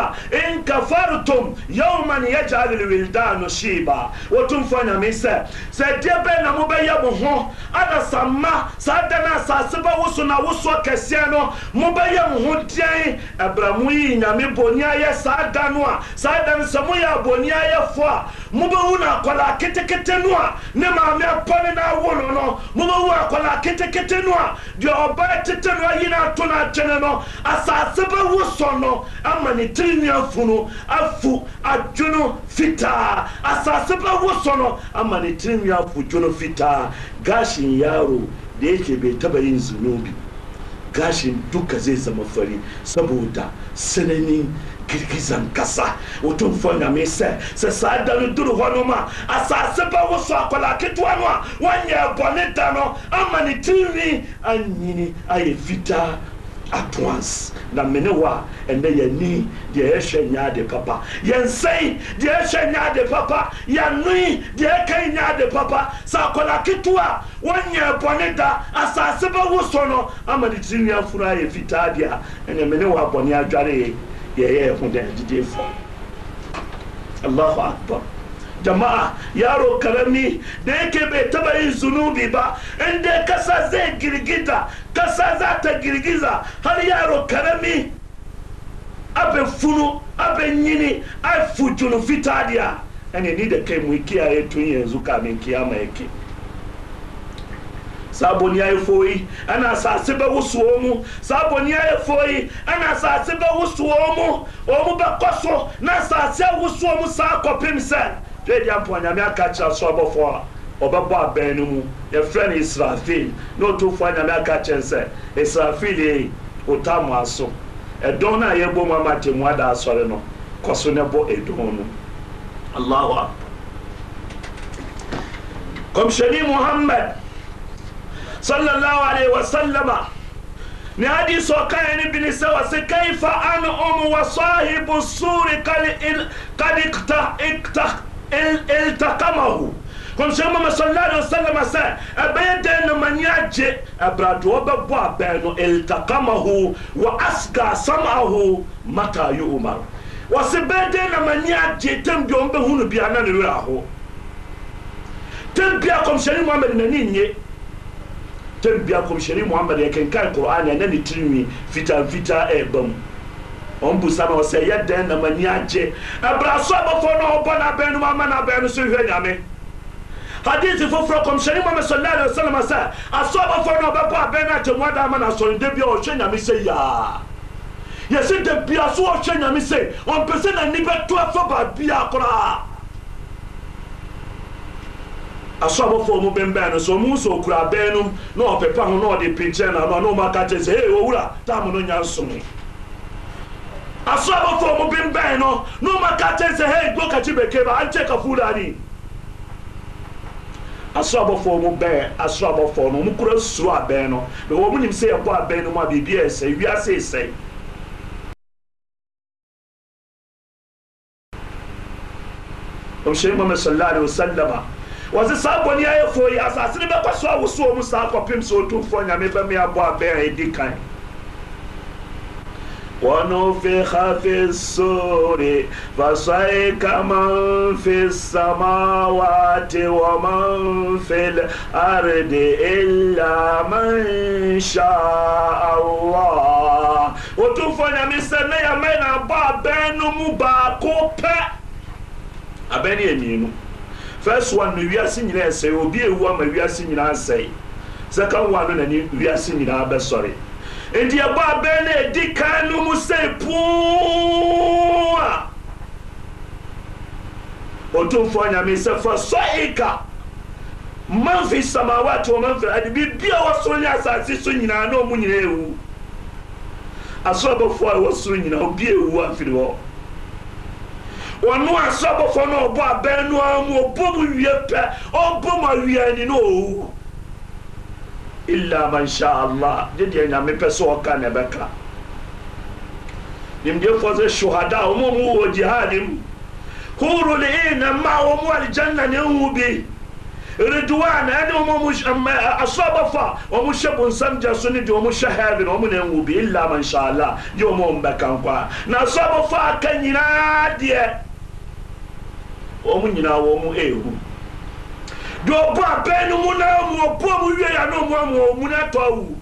إن كفرتم يوما يجعل الولدان شيبا وتنفنا ميسا سيديبا نمبيا مهو أنا سما سادنا ساسبا وسنا وسوا كسيانو مبيا مهو ديان أبراموي نامي بونيا يا سادانوا سادان سمويا بونيا يا فوا مبهونا كلا كتكتنوا نما مي أبوني ناولو مبهونا كلا كتكتنوا دي أبا تتنوا ينا تونا جننو أساسبا abɛwo sɔ no ama ne tirinwi afu no afu adwono fitaa asase bɛwo sɔ no ama ne tirinwi afu dwono fitaa gashin yaro da yake bai taba yin zunubi gashin duka zai zama fari saboda sananin girgizan kasa mutum fanga mai sɛ sɛ saa da no duru hɔ nom a asase bɛ woso akwadaa ketewa no a wanyɛ bɔne da no ama ne tirinwi anyini ayɛ fitaa at once na mene wa ɛnɛ yɛni deɛ yɛhwɛ nyɛ de papa yɛnsɛn deɛ yɛhwɛ nyɛ ade papa yɛnoi deɛ yɛkan nyɛ de papa sɛ akɔla ketewa wɔnyɛ bɔne da asase bɛwo so no ama ne tiri nua funu ayɛ fitaa deɛ ɛnɛ mene wa bɔne adware yɛyɛ ɛho dɛn adidiefo allahu akbar jama'a yaro karami da yake bai taba yin zunubi ba inda kasa zai girgita kasa za ta girgiza har yaro karami abe funu abe nyini ai fujunu fitadiya ne ni da kai mu kiyaye tun yanzu kamin kiyama yake sabon ya yi foyi ana sasi bɛ wusu omu sabon ya yi foyi ana sasi bɛ wusu omu omu bɛ kɔsɔ na sasi wusu omu saa kɔpem sɛ dwedi ampo nyame aka kyerɛ so abɔfoɔ a ɔbɛbɔ abɛn no mu yɛfrɛ no israfil na ɔtomfoɔ nyame aka kyerɛ sɛ israfil e wota mo aso ɛdɔn no a yɛbɔ mu amatemu ada asɔre no kɔ so ne bɔ ɛdɔn no allahu akbar kɔmhyɛni muhammad sallallahu alaihi wasallama ni hadisi wakaye ni bini se si kaifa an umu wa sahibu kali kadi ikta ikta iltakamahu kɔmhyɛn mama sallallahu alaihi wasallam sɛ ɛbɛyɛ dɛn na mani agye abradoɔ bɛbɔ abɛn no iltakamahu wa asga samahu mata yu'mar wɔsi bɛyɛ dɛn na mani agye tɛm bi ɔn bɛhunu bi ana ne werɛ ho tɛm bi a kɔmhyɛn muhammed n'ani nye tɛm bi a kɔmhyɛn muhammed yɛ kankan kur'an yɛ ne ne tirinwi fitaa fitaa ɛɛba eh, mu ɔmbusa ma ɔsɛ yɛ dɛn na m'ani agye abraso abɔfo no ɔbɔ n'abɛn no mu ama n'abɛn no so hwɛ nyame hadisi foforɔ kɔmhyɛne muhammad sallallahu alaihi wasallam sɛ aso abɔfo no ɔbɛbɔ abɛn no akyɛ mu ada ama n'asɔre da bi ɔhwɛ nyame sɛ yaa yɛsi da bi a so ɔhwɛ nyame sɛ ɔmpɛ sɛ n'ani bɛto afa baabi a koraa aso abɔfo mu bɛnbɛn no so ɔmu nso okura abɛn no na ɔpepa ho na ɔde pinkyɛn na na ɔno ɔmo aka kyerɛ sɛ ee owura taamu no nya nsome aso abɔfoɔ mu bin bɛn no na ɔma ka kyɛn sɛ hei gbɔ kakyi bɛke ba ankyɛ ka fuura ni aso abɔfoɔ mu bɛn aso abɔfoɔ no ɔmo kura suro abɛn no na wɔn nim sɛ yɛkɔ abɛn no mu a biribi ɛsɛ wiase ɛsɛ ɔmhyɛn mɔmɛ sallallahu alaihi wa sallama wɔsi saa bɔnni ayɛfoɔ yi asase ne bɛkɔ so awosoɔ mu saa kɔpem sɛ otumfoɔ nyame bɛmɛ abɔ abɛn a ɛdi kan. ونفخ في السور فصيك من في السماوات ومن في الأرض إلا من شاء الله وتوفى نمسا نيامين أبابين مباكو abɛne amienu first one no wiase nyinaa ɛsɛe obi ewu ama wiase nyinaa say second one no nani wiase say bɛsɔre nti ɛbɔ abɛn na edi kan no mu sɛ puu a otumfoɔ nyame sɛ fa sɔhika manfi samawati wa manfi adi bibia wɔ soro ne asase so nyinaa na ɔmo nyinaa ewu asɔrɔbɔfoɔ a ɛwɔ soro nyinaa obi ewu afiri hɔ wɔn asɔrɔbɔfoɔ na ɔbɔ abɛn no amu ɔbɔ mu wie pɛ ɔbɔ mu awia ni na owu. illa man sha Allah de deɛ nyame pɛ sɛ ɔka ne bɛka nimdeɛfoɔ sɛ shuhada ɔmo mu wɔ jihad huru le ina ma ɔmo aljanna ne nwu bi ridwan ɛne ɔmo mu asɔbɔfa ɔmo hyɛ bonsam gya so ne deɛ ɔmo hyɛ heaven ɔmo ne nwu bi illa man sha Allah deɛ ɔmo mbɛka nkwa na asɔbɔfa aka nyinaa deɛ ɔmo nyinaa wɔ mo ehu deɛ ɔbɔ abɛn no mu na mu ɔbɔ mu wie yɛ no mu amu ɔmu na tɔ wu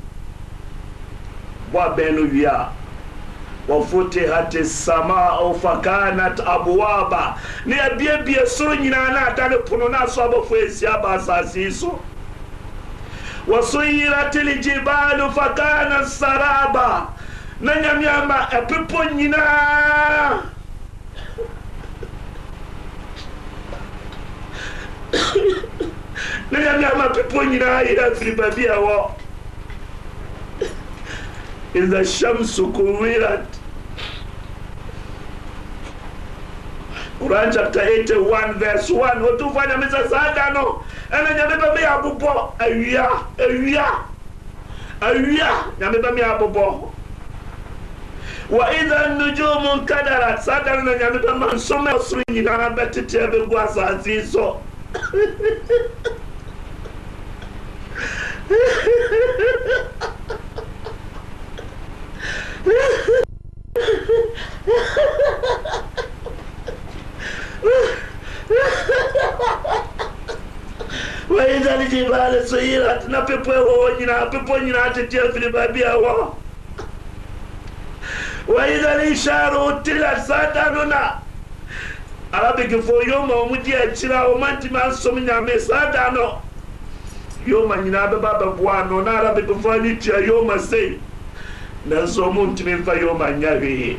bɔ abɛn no wie a hati sama ɔfakanat aboaba ne abiebie soro nyinaa na ada ne pono na aso abɔfo asia ba asase yi so wɔsoyirat lgyibalu fakana saraba na nyame ama ɛpepɔ nyinaa ne yɛde amapepɔ nyinaa yera firi baabi a wɔ idha shamsu kuwirat Quran chapter 81 verse 1 ɔtumfoɔ nyame sɛ saa da no ɛna nyame bɛmɛ yɛ abobɔ awia awia awia nyame bɛmɛ yɛ abobɔ wa idha nujumu nkadarat saa da no na nyame bɛma nsoma ɔsoro nyinaa bɛtete abɛgu asase yi so waidha lijibale na pepo ewoonyina pepo nyina atetia filibabia wo waidha lisharu utilat arabigifo yoma ɔmo di akyire a ɔmo ntumi asom nyame saa da no yoma nyinaa bɛba bɛboa ano na arabigifo ani tua yoma sei nanso ɔmo ntumi nfa yoma nya hwee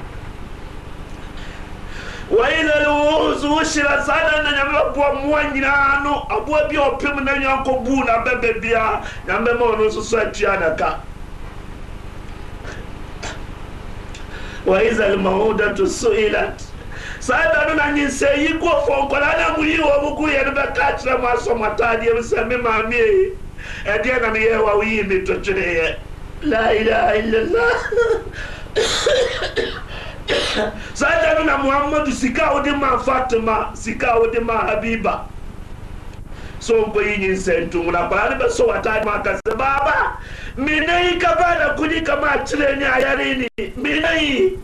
wailal wuzu wohyira saa da na nyame bɛboa mmoa nyinaa no aboa bi a ɔpem na nyanko buu na bɛbɛ biara nyame bɛma ɔno nso so atua naka waizal mawudatu suilat na sadanu nanyinsa eyigga ofonkolana muyiwa obuguye nibakatira mwasomwataali ebisame maami edyena niyewa uyimbi tocireye la ilaha illallah sadanu na muhammadu sikawudima fatima sikawudima habiba yi sonko yinyinsa entungula kolani besowatamakase baba minayi kabana kulika macireni ayarini minayi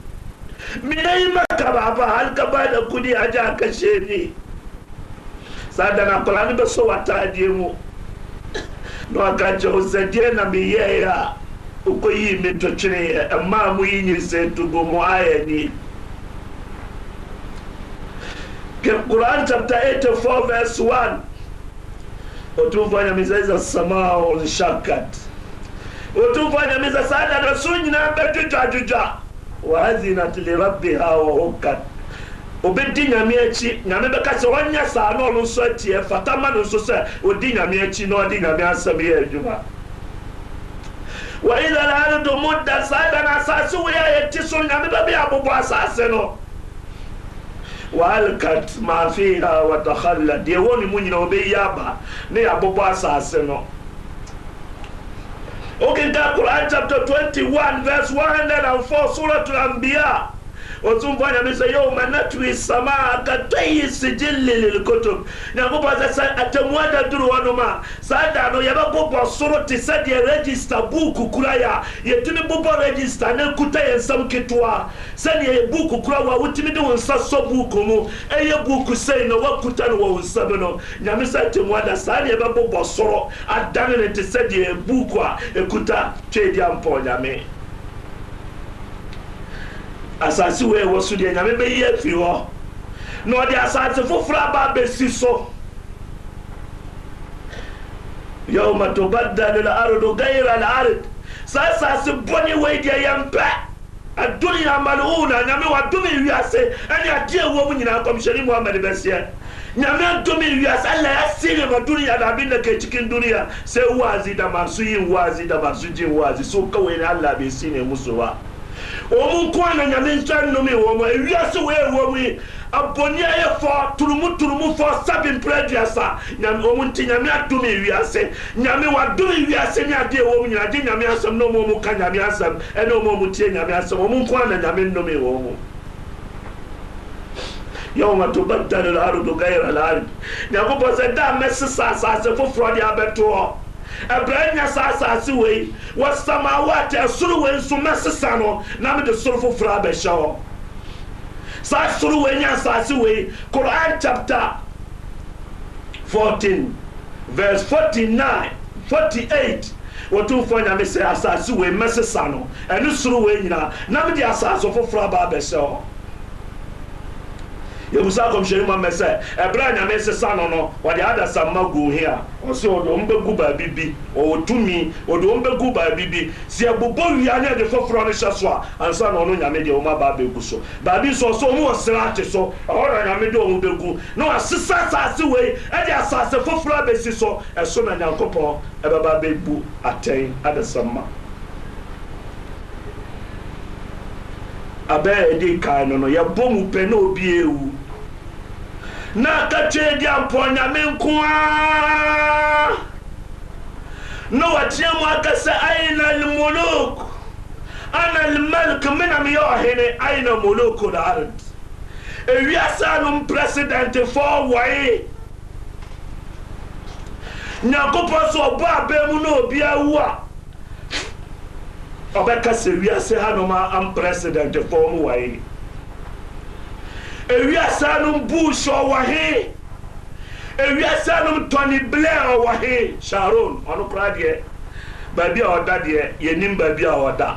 minai maka baba hal ka ba da kudi a ji a kashe ni sadana kulani bɛ so wata taa mu no wa ka jɛ o sɛ na mi yɛ ya o ko yi mi to twene yɛ ɛmaa mu yi nyi sɛ tugu mu ayɛ ni Quran chapter 84 verse 1 utufu anyamiza iza samao shakat utufu anyamiza sada na sunyi na betu juja juja wa azinat lirabbiha wa hukkat obɛdi nyame akyi nyame bɛka sɛ ɔnyɛ saa na ɔno nso atiɛ fatama no nso sɛ ɔdi nyame akyi na ɔde nyame asɛm yɛ adwuma وإذا الأرض مدت سايبا أساس ويا يتسون نمي ببي أبو أساسنو وألقت ما فيها وتخلت يوني مني نوبي يابا ني أبو no Ukienda Quran chapter 21 verse 104 Surah Al-Anbiya otumfo nyame sɛ yɛwoma natwi samaa katɔyi sigilli lilkutub nyankopɔn sɛ sɛ atamua da duru hɔ nom a saa da no yɛbɛbobɔ soro te sɛdeɛ regista buuku kura ya a yɛtumi bobɔ regista ne kuta yɛ nsɛm ketewa sɛdeɛ yɛ buuku kura wa a wotumi de wo nsa sɔ buuku mu ɛyɛ buuku sei na woakuta no wɔ wo nsɛm no nyame sɛ atamua da saa ne yɛbɛbobɔ soro adane ne te sɛdeɛ buuku a ɛkuta twɛdi ampɔ nyame asase wei wɔ so deɛ nyame bɛyi afiri hɔ na ɔde asase foforɔ aba abɛsi so yawma tubaddalu al-ardu ghayra al-ard saa asase bɔne wei deɛ yɛmpɛ adunya maluna nyame wadome wiase ɛne adeɛ wɔ mu nyinaa kɔmhyɛne muhammad bɛseɛ nyame adome wiase ala yasiri ma duniya da abin da ke cikin duniya sai wazi da masu yin wazi da masu jin wazi so kawai ne allah bai sine musu ba wɔn nko ana nyame nkyɛn nnome wɔ mu ewiase wɔ ɛwɔ mu yi abɔni ayɛ fɔ turumu turumu fɔ sabi mpere aduasa nyame wɔn nti nyame adum ewiase nyame wadum ewiase ne adeɛ wɔ mu nyinaa gye nyame asɛm na wɔn mu ka nyame asɛm ɛna wɔn mu tie nyame asɛm wɔn nko ana nyame nnome wɔ mu. yawma tubaddal al-ardu ghayra al-ardi nyankopɔn sɛ da mɛsesa asase foforɔ de abɛto hɔ ɛbrɛ sa saa asase wei wɔsamawat ɛsoro wei nso mɛsesa no na mede soro foforɔ abɛhyɛ hɔ saa soro wei nya asase wei koran chapter 14 verse 49 48 wɔtumfoɔ nyame sɛ asase wei mɛsesa no ɛne soro wei nyinaa na mede asase foforɔ aba abɛhyɛ hɔ yɛbusa kɔmhyɛni muhammed sɛ ɛberɛ a nyame sesa no no wɔde adasamma gu he a ɔsɛ ɔde ɔm bɛgu baabi bi ɔwɔ tumi ɔde ɔm bɛgu baabi bi sɛ ɛbobɔ wia ne ɛde foforɔ no hyɛ so a ansa na ɔno nyame deɛ ɔm aba abɛgu so baabi so ɔsɛ ɔmu wɔ sra ate so ɛhɔ na nyame de ɔmu bɛgu na ɔsesa asase wei ɛde asase foforɔ abɛsi so ɛso na nyankopɔn ɛbɛba bɛbu atɛn adasamma abɛɛ ɛdi kan no no yɛbɔ mu pɛ na obi ewu na kakyɛ di apɔ nyame nkoa na e wɔteɛ mu aka sɛ aina almuluk ana almalik menam yɛ ɔhene aina muluku lard ewiasa no presidentfoɔ wɔe nyankopɔn so ɔbɔ abɛ mu na obi awu a ɔbɛka sɛ wiase hanom a ampresidentfoɔ mu wae ni e ewiase hanom bush ɔwɔ he ewiase hanom tony blair ɔwɔ he sharon ɔno koraa deɛ baabi a ɔda deɛ yɛnim baabi a ɔda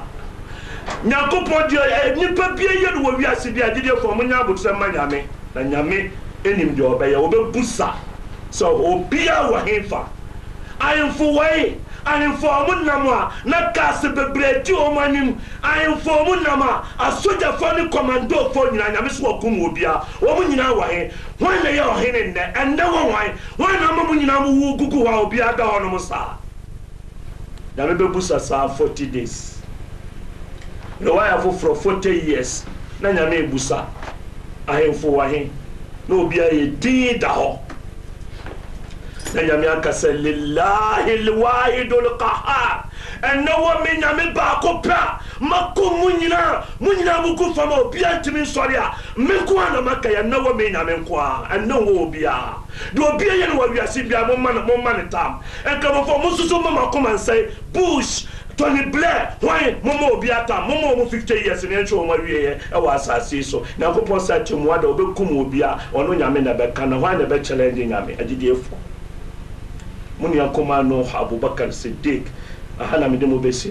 nyankopɔn deɛ nnipa bia yɛ no wɔ wiase bi a gyediefoɔ monyɛ abotosɛ ma nyame na nyame ɛnim deɛ ɔbɛyɛ wɔbɛbu busa, sɛ obiaa wɔ he fa ayemfo wɔe ahemfoomu nam a na kaase bebree di wɔn anim ahemfoomu nam a asogyafoɔ ne kɔmandofoɔ nyinaa nyame so wɔkum wɔ bia wɔn nyinaa wɔ he wɔn na yɛ ɔhene nnɛ ɛnnɛ wɔ wɔn wɔn na ama mo nyinaa mo wu gugu hɔ a obiara da hɔ nom saa nyame bɛbu sa saa forty days rewaya foforɔ forty years na nyame ebusa ahemfo wɔ he na obiara yɛ dinn da hɔ. na nyame ankasa lilahi lwahidu lqahar ɛnɛ wɔ me nyame baako pɛ a mako mu nyinaa mu nyinaa muku fam a obia ntumi nsɔre a me a na maka ɛnɛ wɔ me nyame nko a ɛnɛ wɔ obia deɛ obia yɛ no wawiase bia momma ne tam ɛnkabɔfo mososo ma makoma nsɛe bush tony blair hwan moma obi ata moma ɔmo 50 years ne nkyɛ ɔmo awieɛ ɛwɔ asase yi so nyankopɔn sɛ atemmuada wobɛkum obi a ɔno nyame na bɛka na hwan na bɛkyɛlɛ de nyame agyediefo mun yankoma no abubakar siddiq ahala mi demo besi